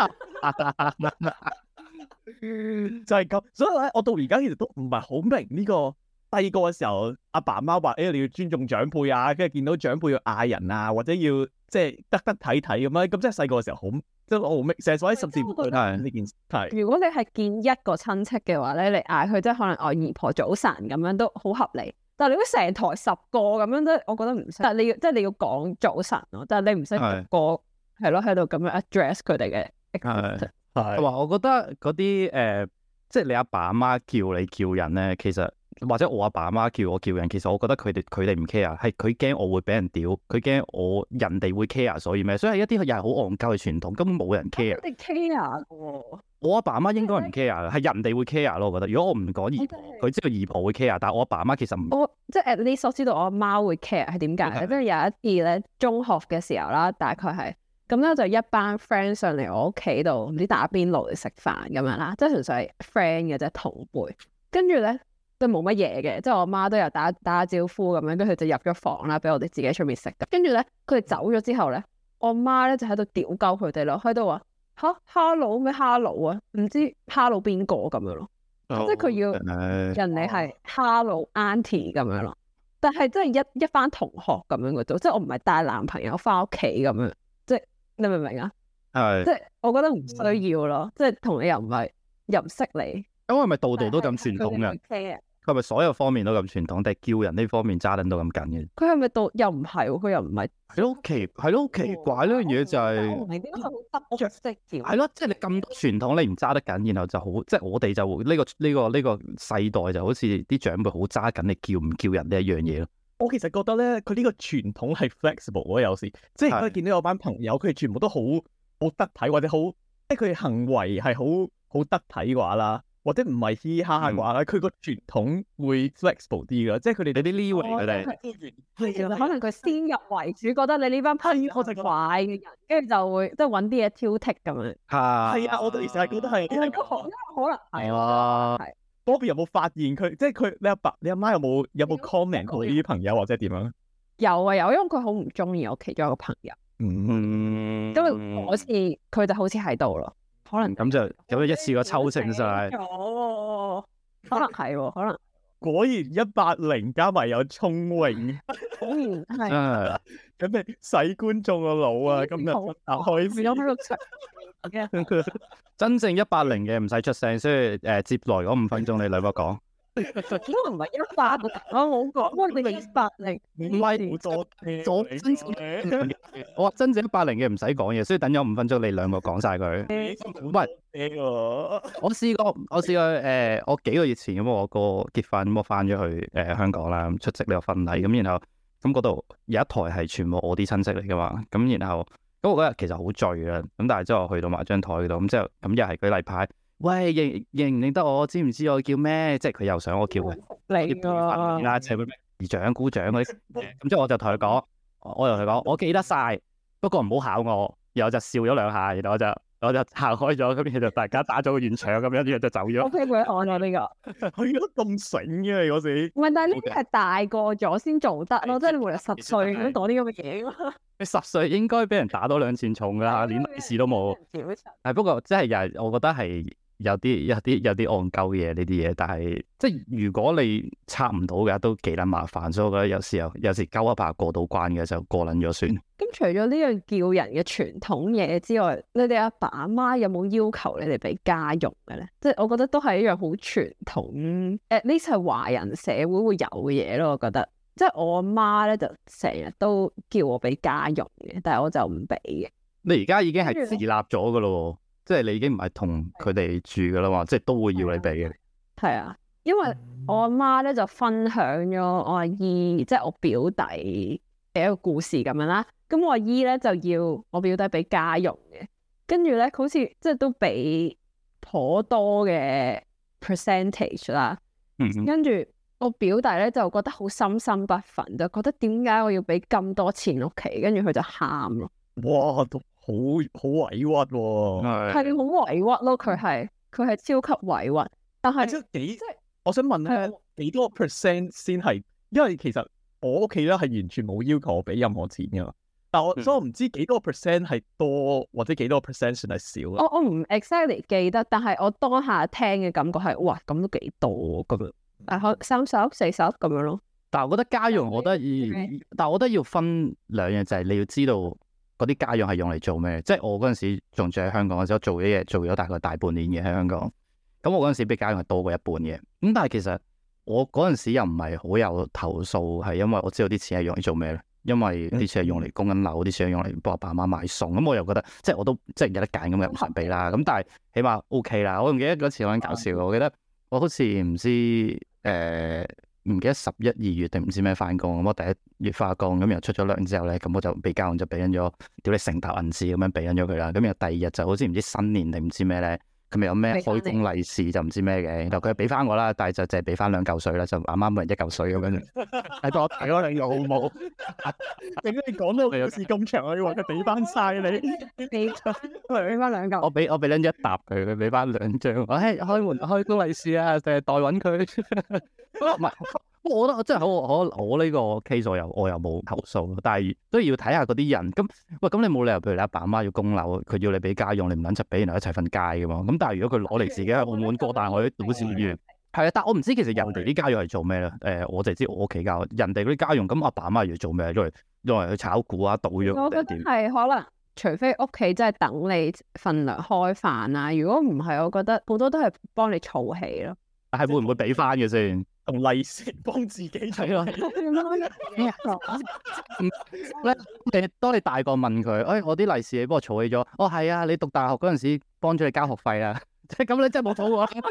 就係咁。所以咧，我到而家其實都唔係好明呢、呢個。細個嘅時候，阿爸阿媽話，誒、哎，你要尊重長輩啊，跟住見到長輩要嗌人啊，或者要即係得得睇睇咁樣，咁即係細個嘅時候好，即係我好咩？成台十字輩係呢件係。是如果你係見一個親戚嘅話咧，你嗌佢即係可能我姨婆早晨咁樣都好合理。但係你會成台十個咁樣都，我覺得唔使。但係你要即係你要講早晨咯，但係你唔使個係咯喺度咁樣 address 佢哋嘅係係。同埋，我覺得嗰啲誒，即、呃、係、就是、你阿爸阿媽叫你叫人咧，其實。或者我阿爸阿媽叫我叫人，其實我覺得佢哋佢哋唔 care，係佢驚我會俾人屌，佢驚我人哋會 care，所以咩？所以係一啲又係好戇鳩嘅傳統，根本冇人 care。佢 care 喎。我阿爸阿媽應該唔 care 嘅，係的人哋會 care 咯。我覺得如果我唔講姨婆，佢的知道姨婆會 care，但係我阿爸阿媽其實唔。我即係 at least 我知道我阿媽，媽會 care 係點解咧？即係 Okay. 有一次咧，中學嘅時候啦，大概係咁咧，就一班 friend 上嚟我屋企度唔知打邊爐嚟食飯咁樣啦，即係純粹係 friend 嘅啫，同輩。跟住咧。即係冇乜嘢嘅，即係我媽都有打打招呼咁樣，跟住佢就入咗房啦，俾我哋自己出面食。跟住咧，佢哋走咗之後咧，我媽咧就喺度屌鳩佢哋咯，喺度話吓，hello 咩 hello 啊？唔知 hello 邊個咁樣咯，即係佢要人哋係 hello auntie 咁樣咯。但係即係一一班同學咁樣嘅啫，即係我唔係帶男朋友翻屋企咁樣，即係你明唔明啊？係是，即係我覺得唔需要咯，嗯、即係同你又唔係又唔識你，咁係咪度度都咁傳統噶？係咪所有方面都咁傳統，定係叫人呢方面揸得都咁緊嘅？佢係咪到又唔係、啊？佢又唔係？係咯好奇，係咯好奇怪咯、就是，呢樣嘢穿就係，係咯，即係你咁傳統，你唔揸得緊，然後就好，即係我哋就呢個呢個呢個世代就好似啲長輩好揸緊，你叫唔叫人呢一樣嘢咯？我其實覺得咧，佢呢個傳統係 flexible，我有時即係見到有班朋友，佢哋全部都好好得體，或者好即係佢行為係好好得體嘅話啦。或者唔係嘻哈嘅話咧，佢個傳統會 flexible 啲嘅，即係佢哋有啲 leeway 佢哋。可能佢先入為主，覺得你呢班批就怪嘅人，跟住就會即係揾啲嘢挑剔咁樣。係啊，我哋成日覺得係。可能係啊，Bobby 有冇發現佢，即係佢你阿爸你阿媽有冇有冇 comment 過呢啲朋友或者點樣？有啊，有，因為佢好唔中意我其中一個朋友。嗯嗯。都好似佢就好似喺度咯。可能咁就咁就一次過抽正晒哦，可能係喎，可能果然一百零加埋有聰穎，嗯係，咁你洗觀眾個腦啊，今日真開心，真正一百零嘅唔使出聲，所以誒接落嚟嗰五分鐘你呂哥講。如果唔係一百，我冇講。我零八零，唔係，我話真正，正一八零嘅唔使講嘢，所以等咗五分鐘，你兩個講晒佢。唔係，我試過，我試過，誒、呃，我幾個月前咁，我哥結婚，咁，我翻咗去誒香港啦，出席呢個婚禮，咁然後咁，嗰度有一台係全部我啲親戚嚟噶嘛，咁然後咁我嗰日其實好醉啦，咁但係之後去到埋張台嗰度，咁之後咁又係舉例牌。喂，認認唔認得我？知唔知我叫咩？即係佢又想我叫嘅，嚟多啦，請佢鼓掌、鼓掌啲咁，之後我就同佢講，我同佢講，我記得晒。不過唔好考我。然後就笑咗兩下，然後我就我就行開咗。咁然就大家打咗個圓場，咁樣然後就走咗。O.K. <laughs> <laughs> 我按我呢個 <laughs> 我，佢都咁醒嘅嗰時。唔係，但係呢啲係大個咗先做得咯，即係你冇人十歲咁講啲咁嘅嘢。你十歲應該俾人打多兩寸重㗎啦，連利是都冇。係不過即係又係，我覺得係。有啲有啲有啲按鳩嘢呢啲嘢，但係即係如果你拆唔到嘅都幾得麻煩，所以我覺得有時候有時鳩一排過到關嘅就過撚咗算了。咁除咗呢樣叫人嘅傳統嘢之外，你哋阿爸阿媽，媽有冇要求你哋俾家用嘅咧？即係我覺得都係一樣好傳統，誒呢係華人社會會有嘅嘢咯。我覺得即係我阿媽咧就成日都叫我俾家用嘅，但係我就唔俾嘅。你而家已經係自立咗嘅咯喎。即係你已經唔係同佢哋住噶啦嘛，係啊，即係都會要你俾嘅。係啊，因為我阿媽咧就分享咗我阿姨，即係我表弟嘅一個故事咁樣啦。咁我阿姨咧就要我表弟俾家用嘅，跟住咧，好似即係都俾頗多嘅 percentage 啦。跟住、嗯嗯、我表弟咧就覺得好心心不憤，就覺得點解我要俾咁多錢屋企？跟住佢就喊咯。哇！好好委屈，哦，係係好委屈咯。佢係佢係超級委屈，但係即幾是即，我想問下我幾多個 percent 先係？因為其實我屋企咧係完全冇要求我俾任何錢噶嘛，但係、嗯、所以我唔知幾多個 percent 係多或者幾多個 percent 算係少我。我我唔 exactly 記得，但係我當下聽嘅感覺係哇，咁都幾多咁啊？啊、那個，可三十四十咁樣咯。但係我覺得家用，我覺得要、嗯、但係我覺得要分兩樣，就係、是、你要知道。嗰啲家用係用嚟做咩？即係我嗰陣時仲住喺香港嘅時候，做啲嘢做咗大概大半年嘅喺香港。咁我嗰陣時俾家用係多過一半嘅。咁但係其實我嗰陣時又唔係好有投訴，係因為我知道啲錢係用嚟做咩咧。因為啲錢係用嚟供緊樓，啲錢係用嚟幫阿爸阿媽買餸。咁我又覺得即係我都即係有得揀咁嘅難度啦。咁但係起碼 OK 啦。我唔記得嗰次好搞笑。我記得我好似唔知誒。呃唔記得十一二月定唔知咩翻工，咁我第一月翻工，咁又出咗糧之後咧，咁我就俾交就，就俾緊咗屌你成沓銀紙咁樣俾緊咗佢啦。咁又第二日就好似唔知新年定唔知咩咧。佢有咩開工利是就唔知咩嘅，然後佢俾翻我啦、啊，但係就淨係俾翻兩嚿水啦，就啱啱每人一嚿水咁樣。係當我大咗你好冇，點解你講到個事咁長，我要話佢俾翻晒你，俾 <laughs> 兩翻兩嚿。我俾 <laughs> 我俾兩張一沓佢，佢俾翻兩張。我、 <laughs> 哎、開門開工利是啊，淨係代揾佢，唔 <laughs> 係。我覺得我真係我我呢個 case 又我又冇投訴，但係都要睇下嗰啲人。咁喂，咁你冇理由譬如你阿爸阿媽要供樓，佢要你俾家用，你唔捻柒俾，人一齊瞓街噶嘛？咁但係如果佢攞嚟自己喺澳門過，但係我啲賭錢嘅，係啊。但我唔知其實人哋啲家用係做咩咧？誒的、欸，我就知我屋企家用，人哋嗰啲家用。咁阿爸阿媽要做咩？因係都係去炒股啊，賭咗。我覺得係可能，除非屋企真係等你份糧開飯啊。如果唔係，我覺得好多都係幫你儲起咯。係會唔會俾翻嘅先？同利是幫自己儲咯，唔當你大個問佢，誒、哎、我啲利是你幫我儲起咗？哦係啊，你讀大學嗰陣時幫咗你交學費啊。」即係咁你真係冇儲喎，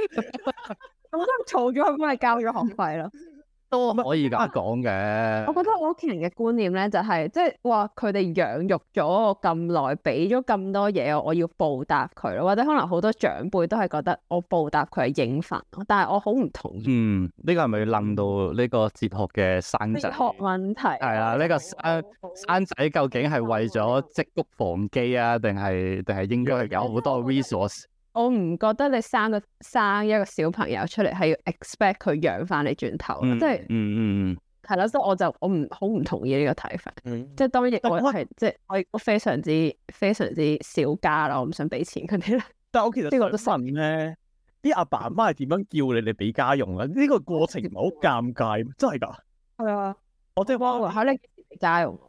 我都儲咗幫你交咗學費啦。 <laughs> 都可以咁講嘅。我覺得我屋企人嘅觀念咧、就係，就係即係話佢哋養育咗我咁耐，俾咗咁多嘢我，我要報答佢咯。或者可能好多長輩都係覺得我報答佢係應份，但係我好唔同意。嗯，呢個係咪諗到呢個哲學嘅生仔？哲學問題。係啊，呢、呢個生生、啊、仔究竟係為咗積谷防饑啊，定係定係應該係有好多 resource？我唔覺得你生個生一個小朋友出嚟係要 expect 佢養翻你轉頭，即係、嗯，嗯嗯嗯，係啦，所以我就我唔好唔同意呢個睇法，嗯、即係當然亦都係即係我非常之非常之少家咯，我唔想俾錢佢哋。但係我其實呢個神咧，啲阿 <laughs> 爸阿媽係點樣叫你哋俾家用咧？呢、呢個過程唔係好尷尬，真係噶？係啊的，我即係幫佢吓你俾家用，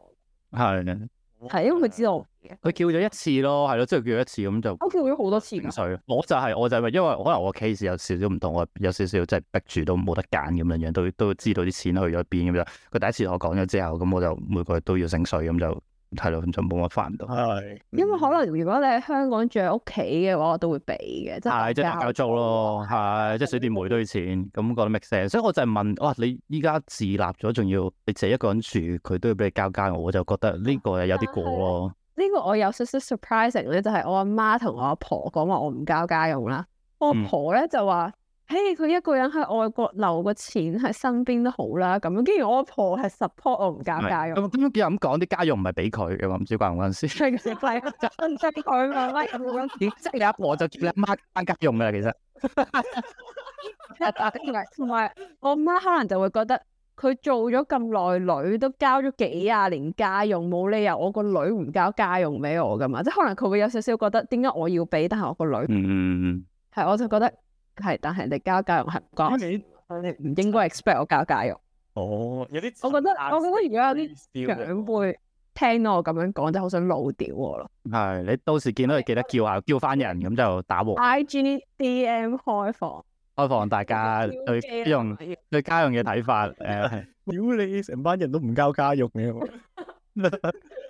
係係因為佢知道。的 <laughs> 佢叫咗一次咯，係咯，即係叫咗一次咁就，我叫咗好多次。稅，我就係我就係因為可能我 case 有少少唔同，我有少少即係逼住都冇得揀咁樣樣，都都知道啲錢去咗邊咁就。佢第一次同我講咗之後，咁我就每個月都要省稅咁就係咯，就冇乜煩惱。係，因為可能如果你喺香港住喺屋企嘅話，我都會俾嘅，即係交租咯，係即係水電煤都要錢，咁覺得 make sense。所以我就係問，哇，你依家自立咗，仲要你自己一個人住，佢都要俾你交交家用，我就覺得呢個有啲過咯。呢個我有少少 surprising 咧，就係、是、我阿媽同我阿婆講話我唔交家用啦。我阿婆咧、嗯、就話，嘿，佢一個人喺外國留個錢喺身邊都好啦。咁樣，既然我阿婆係 support 我唔交家用，點解咁講？啲家用唔係俾佢嘅嘛？唔知關我乜事。係唔識啲佢啊嘛，咁點你阿婆，婆就叫你阿媽交家用嘅啦。其實同埋、 <laughs> <laughs> 啊、我阿媽可能就會覺得。佢做咗咁耐，女都交咗幾廿年家用，冇理由我個女唔交家用俾我噶嘛？即係可能佢會有少少覺得點解我要俾，但係我個女，嗯嗯嗯，係我就覺得係，但係你交家用係唔講，你唔應該 expect 我交家用。哦，有啲我覺得我覺得如果有啲長輩聽到我咁樣講，真係好想老掉我咯。係，你到時見到你記得叫下叫翻人，咁就打和。I G D M 開房。開放大家對用對家用嘅睇法，誒、 <laughs> 嗯，屌你！成 <laughs> 班人都唔交家用嘅。 <laughs>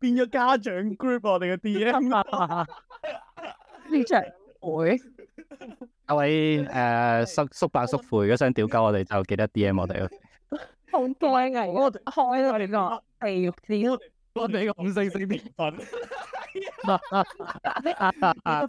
變咗家長 group 我哋嘅 D.M. 啊，呢只會，阿位誒叔叔伯叔父，如果想屌 g 我哋就記得 D.M. 我哋咯。 <laughs> 好怪異啊， <laughs> 開咗點啊，地獄片， <laughs> 獄我哋嘅五星星片。 <laughs> <laughs>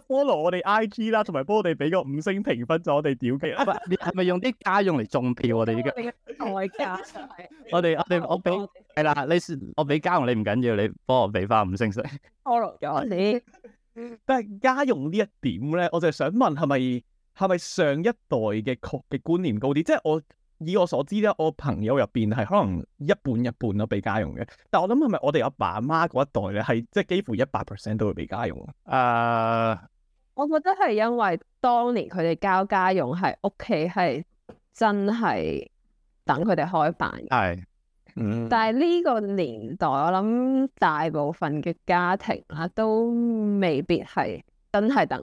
follow our 我哋 IG 啦，同埋幫我哋俾個五星評分，咗。我哋屌佢啦。係咪用啲家用嚟種票我？我哋而家代價。我哋我哋我俾係啦，你我俾家用你唔緊要，你幫我俾翻五星星 follow 咗你。 <laughs> <laughs> 但係家用呢一點咧，我就係想問是是，係咪係咪上一代嘅嘅觀念高啲？即係我。以我所知咧，我朋友入邊係可能一半一半都俾家用嘅。但係我諗係咪我哋阿爸阿媽嗰一代咧，係即係幾乎一百 percent 都會俾家用啊？Uh, 我覺得係因為當年佢哋交家用係屋企係真係等佢哋開飯。係，嗯、但係呢個年代我諗大部分嘅家庭啦，都未必係真係等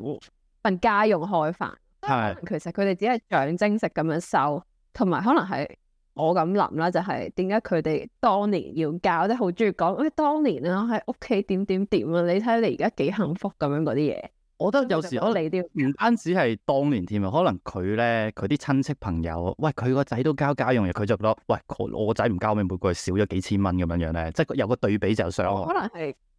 份家用開飯。係吧，其實佢哋只係象徵式咁樣收。同埋可能係我咁諗啦，就係點解佢哋當年要交，啲好中意講，誒、哎、當年啦喺屋企點點點啊，你睇下你而家幾幸福咁樣嗰啲嘢。我，我覺得有時可能唔單止係當年添啊，可能佢咧，佢啲親戚朋友，喂佢個仔都交家用，佢就覺得，喂我個仔唔交咪每個月少咗幾千蚊咁樣樣咧，即係有個對比就想。可能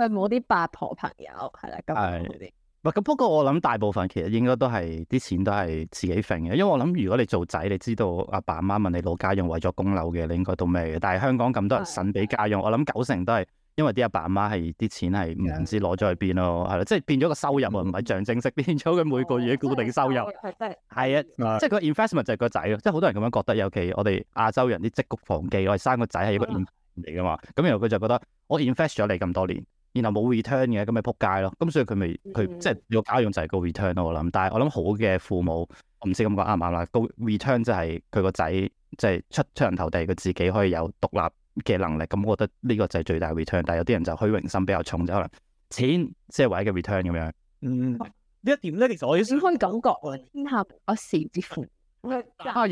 係冇啲八婆朋友係啦，咁嗰啲，咁不過我諗大部分其實應該都係啲錢都係自己揈嘅，因為我諗如果你做仔，你知道阿爸阿媽問你攞家用為咗供樓嘅，你應該都咩嘅。但係香港咁多人省俾家用，的我諗九成都係因為啲阿爸阿媽係啲錢係唔知攞咗去邊咯，係咯的，即係、就是、變咗個收入唔係象徵式，變咗佢每個月固定收入係啊，即係佢 investment 就係個仔咯，即係好多人咁樣覺得，尤其我哋亞洲人啲積谷防饑，我哋生個仔係一個點嚟㗎嘛？咁的然後佢就覺得我 invest 咗你咁多年。然後冇 return 嘅，咁咪撲街咯。咁所以佢咪佢即係個家用就係個 return 咯。我諗，但係我諗好嘅父母，我唔知咁講啱唔啱啦。高 return、這個、就係佢個仔即係出出人頭地，佢自己可以有獨立嘅能力。咁我覺得呢個就係最大 return。但係有啲人就虛榮心比較重，就可能錢即係唯一嘅 return 咁樣。嗯，呢一點咧，其實我先可以感覺天下無事之父。 <laughs> <laughs> 我係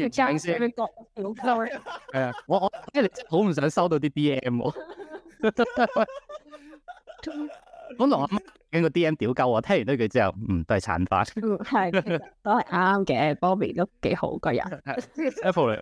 家園你好唔想收到啲 D M。本來 <laughs> 我媽經過 D M 屌鳩我，聽完呢句之後，唔、 <laughs> 嗯、都係殘花。係都係啱嘅，Bobby 都幾好個人。 <laughs> Apple，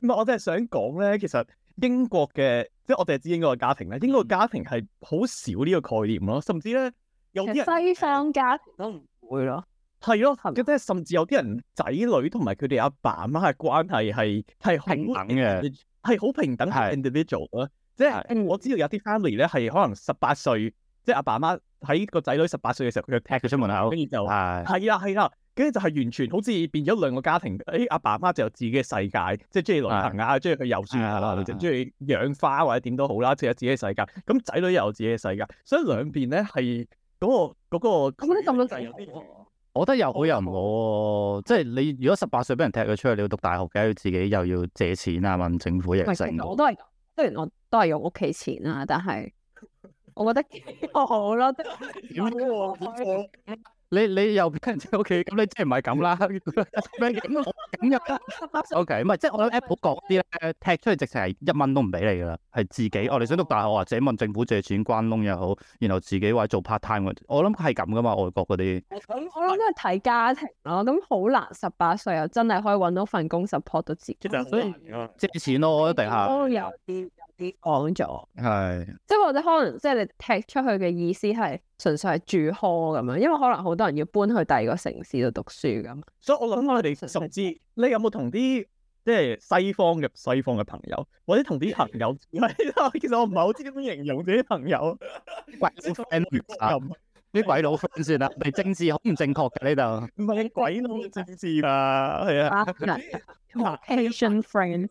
唔係我真係想講咧，其實英國嘅，即係我淨係知英國嘅家庭咧，英國嘅家庭係好少呢個概念咯，甚至咧有啲西方家庭都唔會咯，係咯的，即係甚至有啲人仔女同埋佢哋阿爸阿媽嘅關係係係平等嘅，係好平等嘅 individual 啊。即係我知道有啲 family 咧，係可能十八歲，即係阿爸阿媽喺個仔女十八歲嘅時候，佢就踢佢出門口，跟住就係係啊係啊，跟住的就係完全好似變咗兩個家庭。誒、哎，阿爸阿媽就有自己嘅世界，即係中意旅行啊，中意佢遊船啊，或中意養花或者點都好啦，就有自己嘅世界。咁仔女又有自己嘅世界，所以兩邊咧係嗰個嗰個。咁你咁樣就有啲，我覺得又好有唔好。我即係你，你如果十八歲俾人踢佢出去，你要讀大學，梗要自己又要借錢啊，問政府亦剩。我都係，雖然我，我。都係用屋企錢啊，但係我覺得幾好咯。你你又 O K，咁你即係唔係咁啦？咩咁咁又 O K？唔係即係我諗 Apple 講啲咧，踢出去直情係一蚊都唔俾你噶啦，係自己。我、哦、哋想讀大學或者問政府借錢關窿又好，然後自己或者做 part time。我諗係咁噶嘛，外國嗰啲。咁我諗都係睇家庭咯。咁好難十八歲又真係可以搵到份工 support 到自己。其實所以借錢咯，一定吓。都有啲有啲講咗，係是即係或者可能即係你踢出去嘅意思係。純粹係住 hall 咁樣，因為可能好多人要搬去第二個城市度讀書咁。所以我諗我哋甚至你有冇同啲即係西方嘅西方嘅朋友，或者同啲朋友，係啦，其實我唔係好知點樣形容自己朋友。啲鬼佬 friend 算啦，你政治好唔正確嘅呢度。唔係鬼佬政治啊，係啊。Caucasian friend。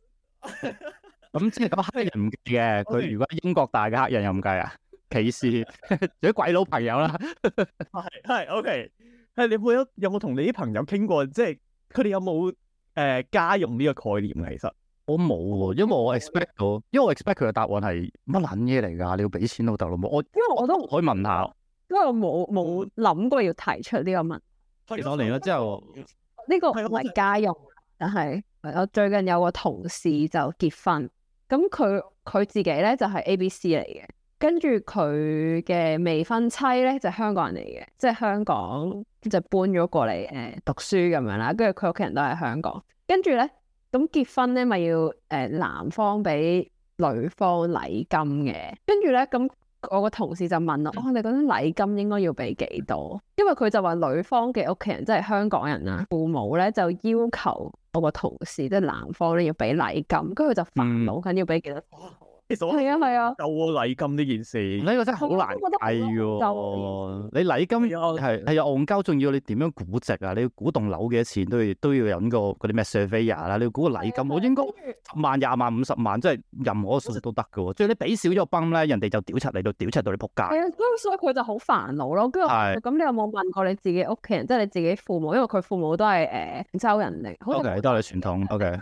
咁即係咁黑人唔計嘅，佢如果英國大嘅黑人又唔計啊？歧視，嗰啲鬼佬朋友啦， <laughs> 係係 O K。係、okay. 你有冇有冇同你啲朋友傾過？即係佢哋有冇誒、呃、家用呢個概念啊？其實我冇喎，因為我 expect 到，因為我 expect 佢嘅答案係乜撚嘢嚟㗎？你要俾錢老豆老母，我因為我都可以問下，因為我冇冇諗過要提出呢個問。其實我嚟咗之後，呢個唔係家用，的但係我最近有個同事就結婚，咁佢佢自己咧就係、是、A B C 嚟嘅。跟住佢嘅未婚妻咧就是、香港人嚟嘅，即、就、係、是、香港就搬咗過嚟誒讀書咁樣啦。跟住佢屋企人都係香港。跟住咧咁結婚咧咪、就是、要誒男、呃、方俾女方禮金嘅。跟住咧咁我個同事就問啦：，我、嗯啊、你覺得禮金應該要俾幾多？嗯、因為佢就話女方嘅屋企人即係香港人啦，父母咧就要求我個同事即係男方咧要俾禮金，跟住佢就煩惱緊要俾幾多。係啊係啊，有個禮金呢件事，呢個真係好難計喎。你禮金係係又交，仲要你點樣估值啊？你要估棟樓幾多錢都要都要引個嗰啲咩 surveyor 啦，你要估個禮金，我應該萬、廿萬、五十萬，即係任何數都得嘅喎。即係你俾少咗泵咧，人哋就屌柒嚟到，屌柒到你仆街。係啊，所以佢就好煩惱咯。跟住咁，你有冇問過你自己屋企人？即係你自己父母，因為佢父母都係誒收人嚟，OK 都係傳統，OK，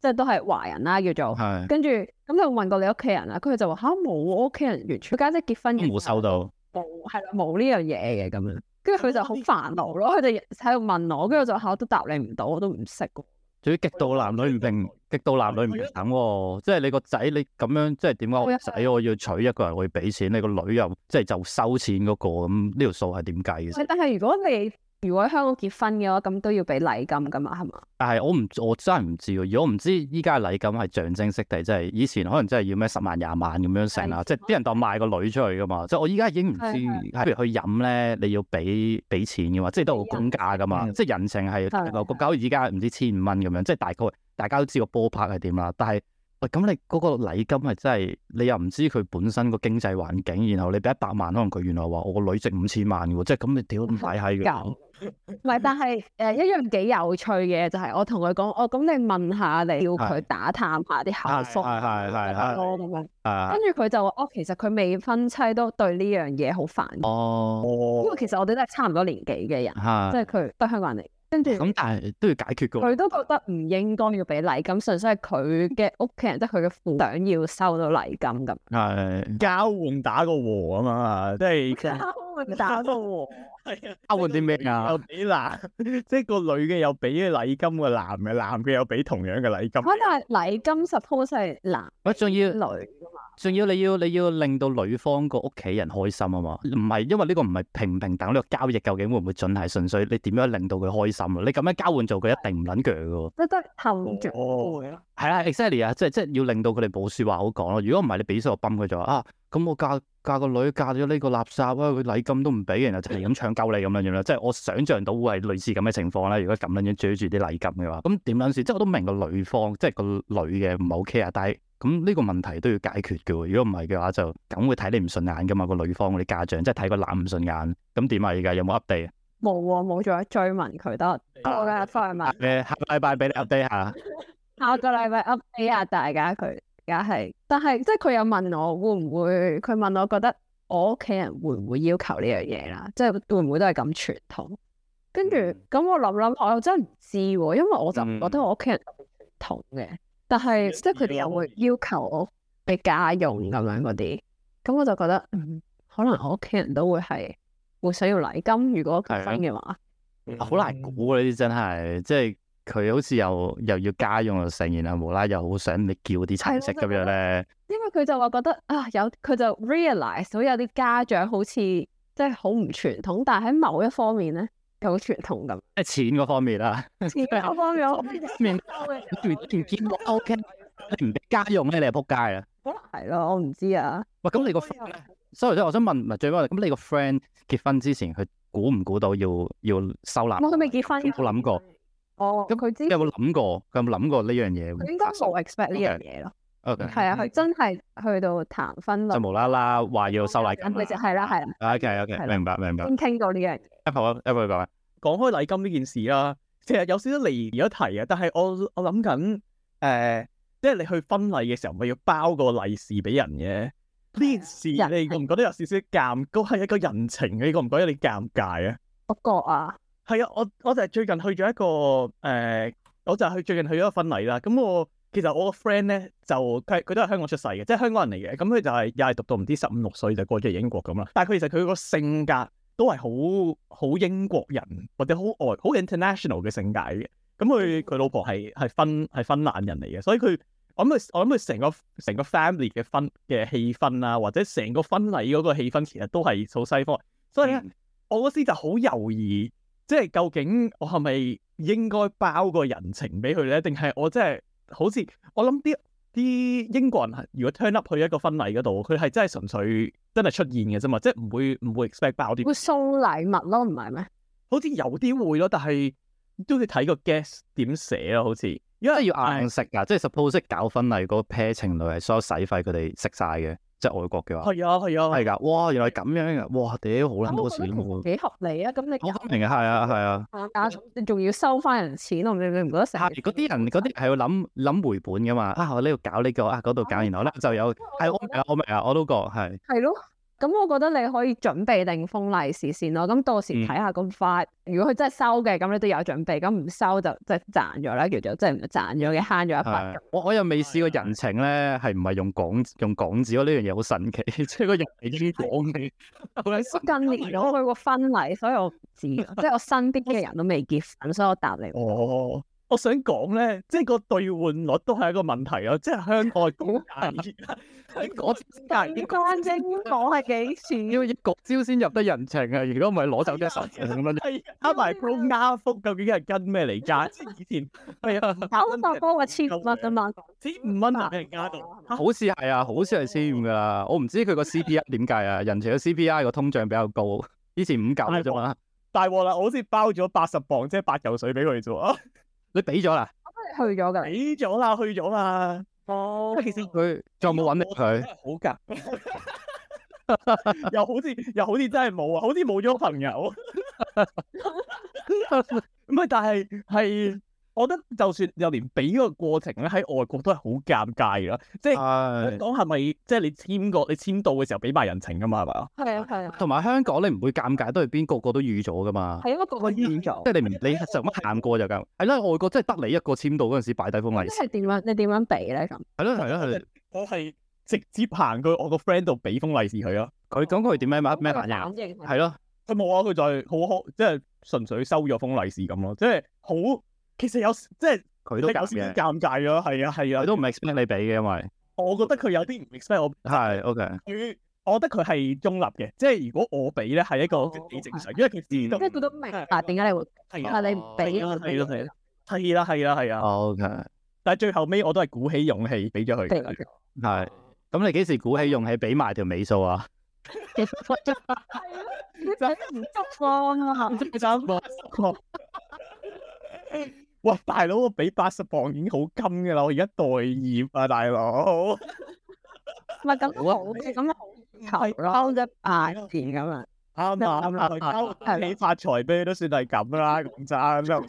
即係都係華人啦，叫做，跟住。咁就問過你屋企人啦，佢哋就話吓，冇、啊，屋企人完全家姐、姐結婚冇收到，冇係啦，冇呢樣嘢嘅咁樣，跟住佢就好煩惱咯，佢哋喺度問我，跟住我就嚇、啊、都答你唔到，我都唔識喎。仲要極度男女唔平等，極度男女唔平等喎，即係你個仔你咁樣即係點啊？我仔我要娶一個人，我要俾錢，你個女又即係就收錢嗰、嗰個咁呢條數係點計嘅？但係如果你如果喺香港結婚嘅話，咁都要俾禮金噶嘛，係嘛？啊係，我唔我真係唔知喎。如果唔知依家禮金係象徵式地，即係以前可能真係要咩十萬廿萬咁樣成啦。的即係啲人當賣個女出去噶嘛。即係的我依家已經唔知，的譬如去飲咧，你要俾俾錢嘅話，即係都有公價噶嘛。即係的人情係留個交，依家唔知千五蚊咁樣。即係大概大家都知個波拍係點啦。但係喂，咁、哎、你嗰個禮金係真係你又唔知佢本身個經濟環境，然後你俾一百萬，可能佢原來話我個女值五千萬喎。即係咁你屌唔大喺。 <laughs> 唔係，但係誒，一樣幾有趣嘅就係，我同佢講，哦，咁你問下，你要佢打探下啲口風咯，咁樣。誒，跟住佢就話，哦，其實佢未婚妻都對呢樣嘢好煩。哦，因為其實我哋都係差唔多年紀嘅人，即係佢都係香港人嚟。跟住咁，但係都要解決噶。佢都覺得唔應該要俾禮金，純粹係佢嘅屋企人，即係佢嘅父母要收到禮金咁。係交換打個和啊嘛，即係交換打個和。係啊，交換啲咩啊？又俾男，即係個女嘅又俾嘅禮金個男嘅，男嘅又俾同樣嘅禮金。咁但係禮金 suppose 係男，我仲要女噶嘛？仲要你要你要令到女方個屋企人開心啊嘛？唔係因為呢個唔係平唔平等呢個交易，究竟會唔會准係純粹？你點樣令到佢開心啊？你咁樣交換做，佢一定唔捻腳噶。即係都係含腳杯咯。係啊，exactly 啊，即係即係要令到佢哋冇說話好講咯。如果唔係，你俾咗個泵，佢就話啊。咁、嗯、我嫁嫁個女嫁咗呢個垃圾啊！佢禮金都唔俾人，然後就係咁搶救你咁樣樣，即係我想像到會係類似咁嘅情況啦。如果咁樣樣追住啲禮金嘅話，咁、嗯、點樣算？即係我都明個女方，即係個女嘅唔好 care 啊。但係咁呢個問題都要解決嘅喎。如果唔係嘅話，就梗會睇你唔順眼嘅嘛。個女方嗰啲家長即係睇個男唔順眼，咁、嗯、點啊？而家有冇 update？冇，冇再追問佢得。我嘅方案。誒， <laughs> <laughs> 下個禮拜俾你 update 下。下個禮拜 update 下大家佢。而家係，但係即係佢有問我會唔會？佢問我覺得我屋企人會唔會要求呢樣嘢啦？即係會唔會都係咁傳統？跟住咁我諗諗，我又真係唔知喎、啊，因為我就唔覺得我屋企人同嘅。但係即係佢哋又會要求我俾家用咁樣嗰啲。咁、嗯、我就覺得，嗯、可能我屋企人都會係會想要禮金，如果求婚嘅話，好、嗯嗯啊、難估呢啲真係，即、就、係、是。佢好似又又要家用又成然後無啦又好想你叫啲親戚咁樣咧。因為佢就話覺得啊，like、有佢就 realize 到有啲家長好似即係好唔傳統，但喺某一方面咧又好傳統咁。誒錢嗰方面啦、啊，錢嗰方面 okay, 你你 <laughs> 我。件件件件都 OK。唔俾家用咧，你係撲街啊？可能係咯，我唔知啊。喂、欸，咁你個 friend，sorry sorry 我想問唔係最尾咁，你個 friend 結婚之前佢估唔估到要要收禮？我都未結婚。冇諗過。哦，咁佢知有冇諗過？佢有冇諗過呢樣嘢？佢應該冇 expect 呢樣嘢咯。係啊，佢真係去到談婚禮就無啦啦話要收禮金，係啦係啦。OK OK，明白明白。先傾到呢樣嘢。一啊，一鋪佢講啊。講開禮金呢件事啦，其實有少少離而家題啊。但係我我諗緊誒，即係你去婚禮嘅時候，咪要包個利是俾人嘅？呢件事你覺唔覺得有少少尷尬？係一個人情，你覺唔覺得你尷尬啊？我覺啊。係啊，我我就係最近去咗一個誒、呃，我就係去最近去咗一個婚禮啦。咁、嗯、我其實我個 friend 咧就佢佢都係香港出世嘅，即係香港人嚟嘅。咁、嗯、佢就係又係讀到唔知十五六歲就過咗嚟英國咁啦。但係佢其實佢個性格都係好好英國人或者好外好 international 嘅性格嘅。咁佢佢老婆係係芬係芬蘭人嚟嘅，所以佢我諗佢我諗佢成個成個 family 嘅氛嘅氣氛啊，或者成個婚禮嗰個氣氛，其實都係好西方。所以咧，嗯、我嗰時就好猶豫。即係究竟我係咪應該包個人情俾佢咧？定係我真係好似我諗啲啲英國人係如果 turn up 去一個婚禮嗰度，佢係真係純粹真係出現嘅啫嘛，即係唔會唔會 expect 包啲會送禮物咯、啊，唔係咩？好似有啲會咯，但係都要睇個 guess 點寫咯，好似因為要硬食啊，但即係 suppose 搞婚禮嗰 pair 情侶係所有使費佢哋食晒嘅。即係外國嘅話，係啊係啊，係㗎，哇原來咁樣㗎，哇屌好撚多錢喎，幾合理啊？咁你講明啊，係啊係啊，但係你仲要收翻人錢，我唔知你唔覺得成？啊！嗰啲人嗰啲係要諗諗回本㗎嘛，啊我呢度搞呢個啊嗰度搞，然後咧就有係我係我明啊，我都覺係係咯。咁我覺得你可以準備定封利是先咯。咁到時睇下咁快，嗯、如果佢真係收嘅，咁你都有準備。咁唔收就即係、就是、賺咗啦，叫做即係、就是、賺咗嘅慳咗一百。我我又未試過人情咧，係唔係用港用港紙？呢樣嘢好神奇，即係個用嚟講嘅。的近年我去過婚禮，oh、所以我唔知。即係我身邊嘅人都未結婚， <laughs> 我所以我答你。哦。我想講咧，即係個兌換率都係一個問題啊！即係香港估價，你講點講精講係幾錢？要 <laughs> 一局招先入得人情啊！如果唔係攞走一神啊！咁樣啊！埋鋪加幅究竟係跟咩嚟㗎？以前係啊，九百多個千五蚊啊嘛，千五蚊啊！好似係啊，好似係千五噶啦！我唔知佢個 CPI 點計啊？ <laughs> 人哋個 CPI 個通脹比較高，以前五舊啫嘛，大鑊啦！我好似包咗八十磅即係八舊水俾佢啫喎。 <laughs> 你俾咗啦？我都係去咗噶。俾咗啦，去咗嘛。哦。其實佢仲有冇搵到佢？ <laughs> 好夾，又好似又好似真係冇啊，好似冇咗朋友。唔 <laughs> 係，但係係。我覺得就算又連俾個過程咧喺外國都係好尷尬噶，即係講，係咪即係你簽個你簽到嘅時候俾埋人情噶嘛，係嘛？係啊係啊。同埋香港你唔會尷尬，都係邊個個都預咗噶嘛。係啊，個個預咗。即係你唔你就乜喊過就咁。係啦，外國即係得你一個簽到嗰陣時擺低封利是。咁你點樣你點樣俾咧咁？係咯係咯係我係直接行去我個 friend 度俾封利是佢咯。佢講佢點樣咩咩咩反應？係咯，佢冇啊，佢就係好可即係純粹收咗封利是咁咯，即係好。其實有即係佢都搞先啲尷尬咗，係啊係啊，都唔 expect 你俾嘅，因為我覺得佢有啲唔 expect 我。係 OK，佢我覺得佢係中立嘅，即係如果我俾咧係一個幾正常，因為佢自然都明啊，點解你會係你唔俾啊？係咯係咯，係啦係啦係啊，OK。但係最後尾我都係鼓起勇氣俾咗佢，係咁你幾時鼓起勇氣俾埋條尾數啊？唔執啊！唔執啊！哇！大佬，我畀八十磅已經好金嘅啦，我而家待業啊，大佬。咁係咁好嘅，咁又、啊、 <laughs> 好，係包吉八字咁啊。啱啦，啱啦，恭喜發財，都算係咁啦，咁就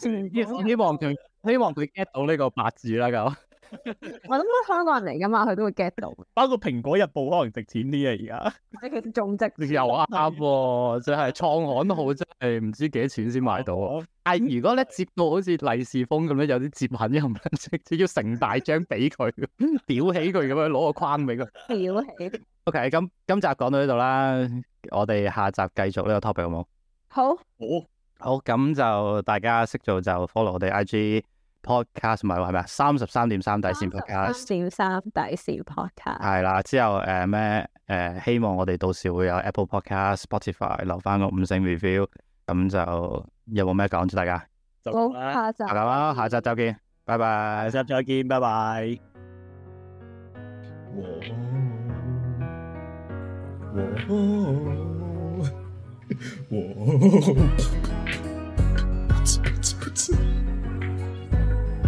希望佢，希望佢 get 到呢個八字啦咁。那個我諗香港人嚟㗎嘛，佢都會 get 到。包括蘋果日報可能值錢啲 <laughs> 錢 <laughs> 啊，而家。你佢實種植又啱，即係創刊都好，即係唔知幾多錢先買到。 <laughs> 但係如果咧接到好似利是封咁樣，有啲摺痕又唔得， <laughs> 要成大張俾佢，裱起佢咁樣，攞個框俾佢，裱起。O K，今今集講到呢度啦，我哋下集繼續呢個 topic 好冇？好，好，好，咁就大家識做就 follow 我哋 I G。podcast 咪係咪啊？三十三點三底線 podcast，三十三底線 podcast。係 <noise> 啦， <noise> 之後誒咩誒，希望我哋到時會有 Apple Podcast、Spotify 留翻個五星 review，咁就有冇咩講？祝大家好，下集，下集，下集再見，拜拜，下集再見，拜拜。 <laughs>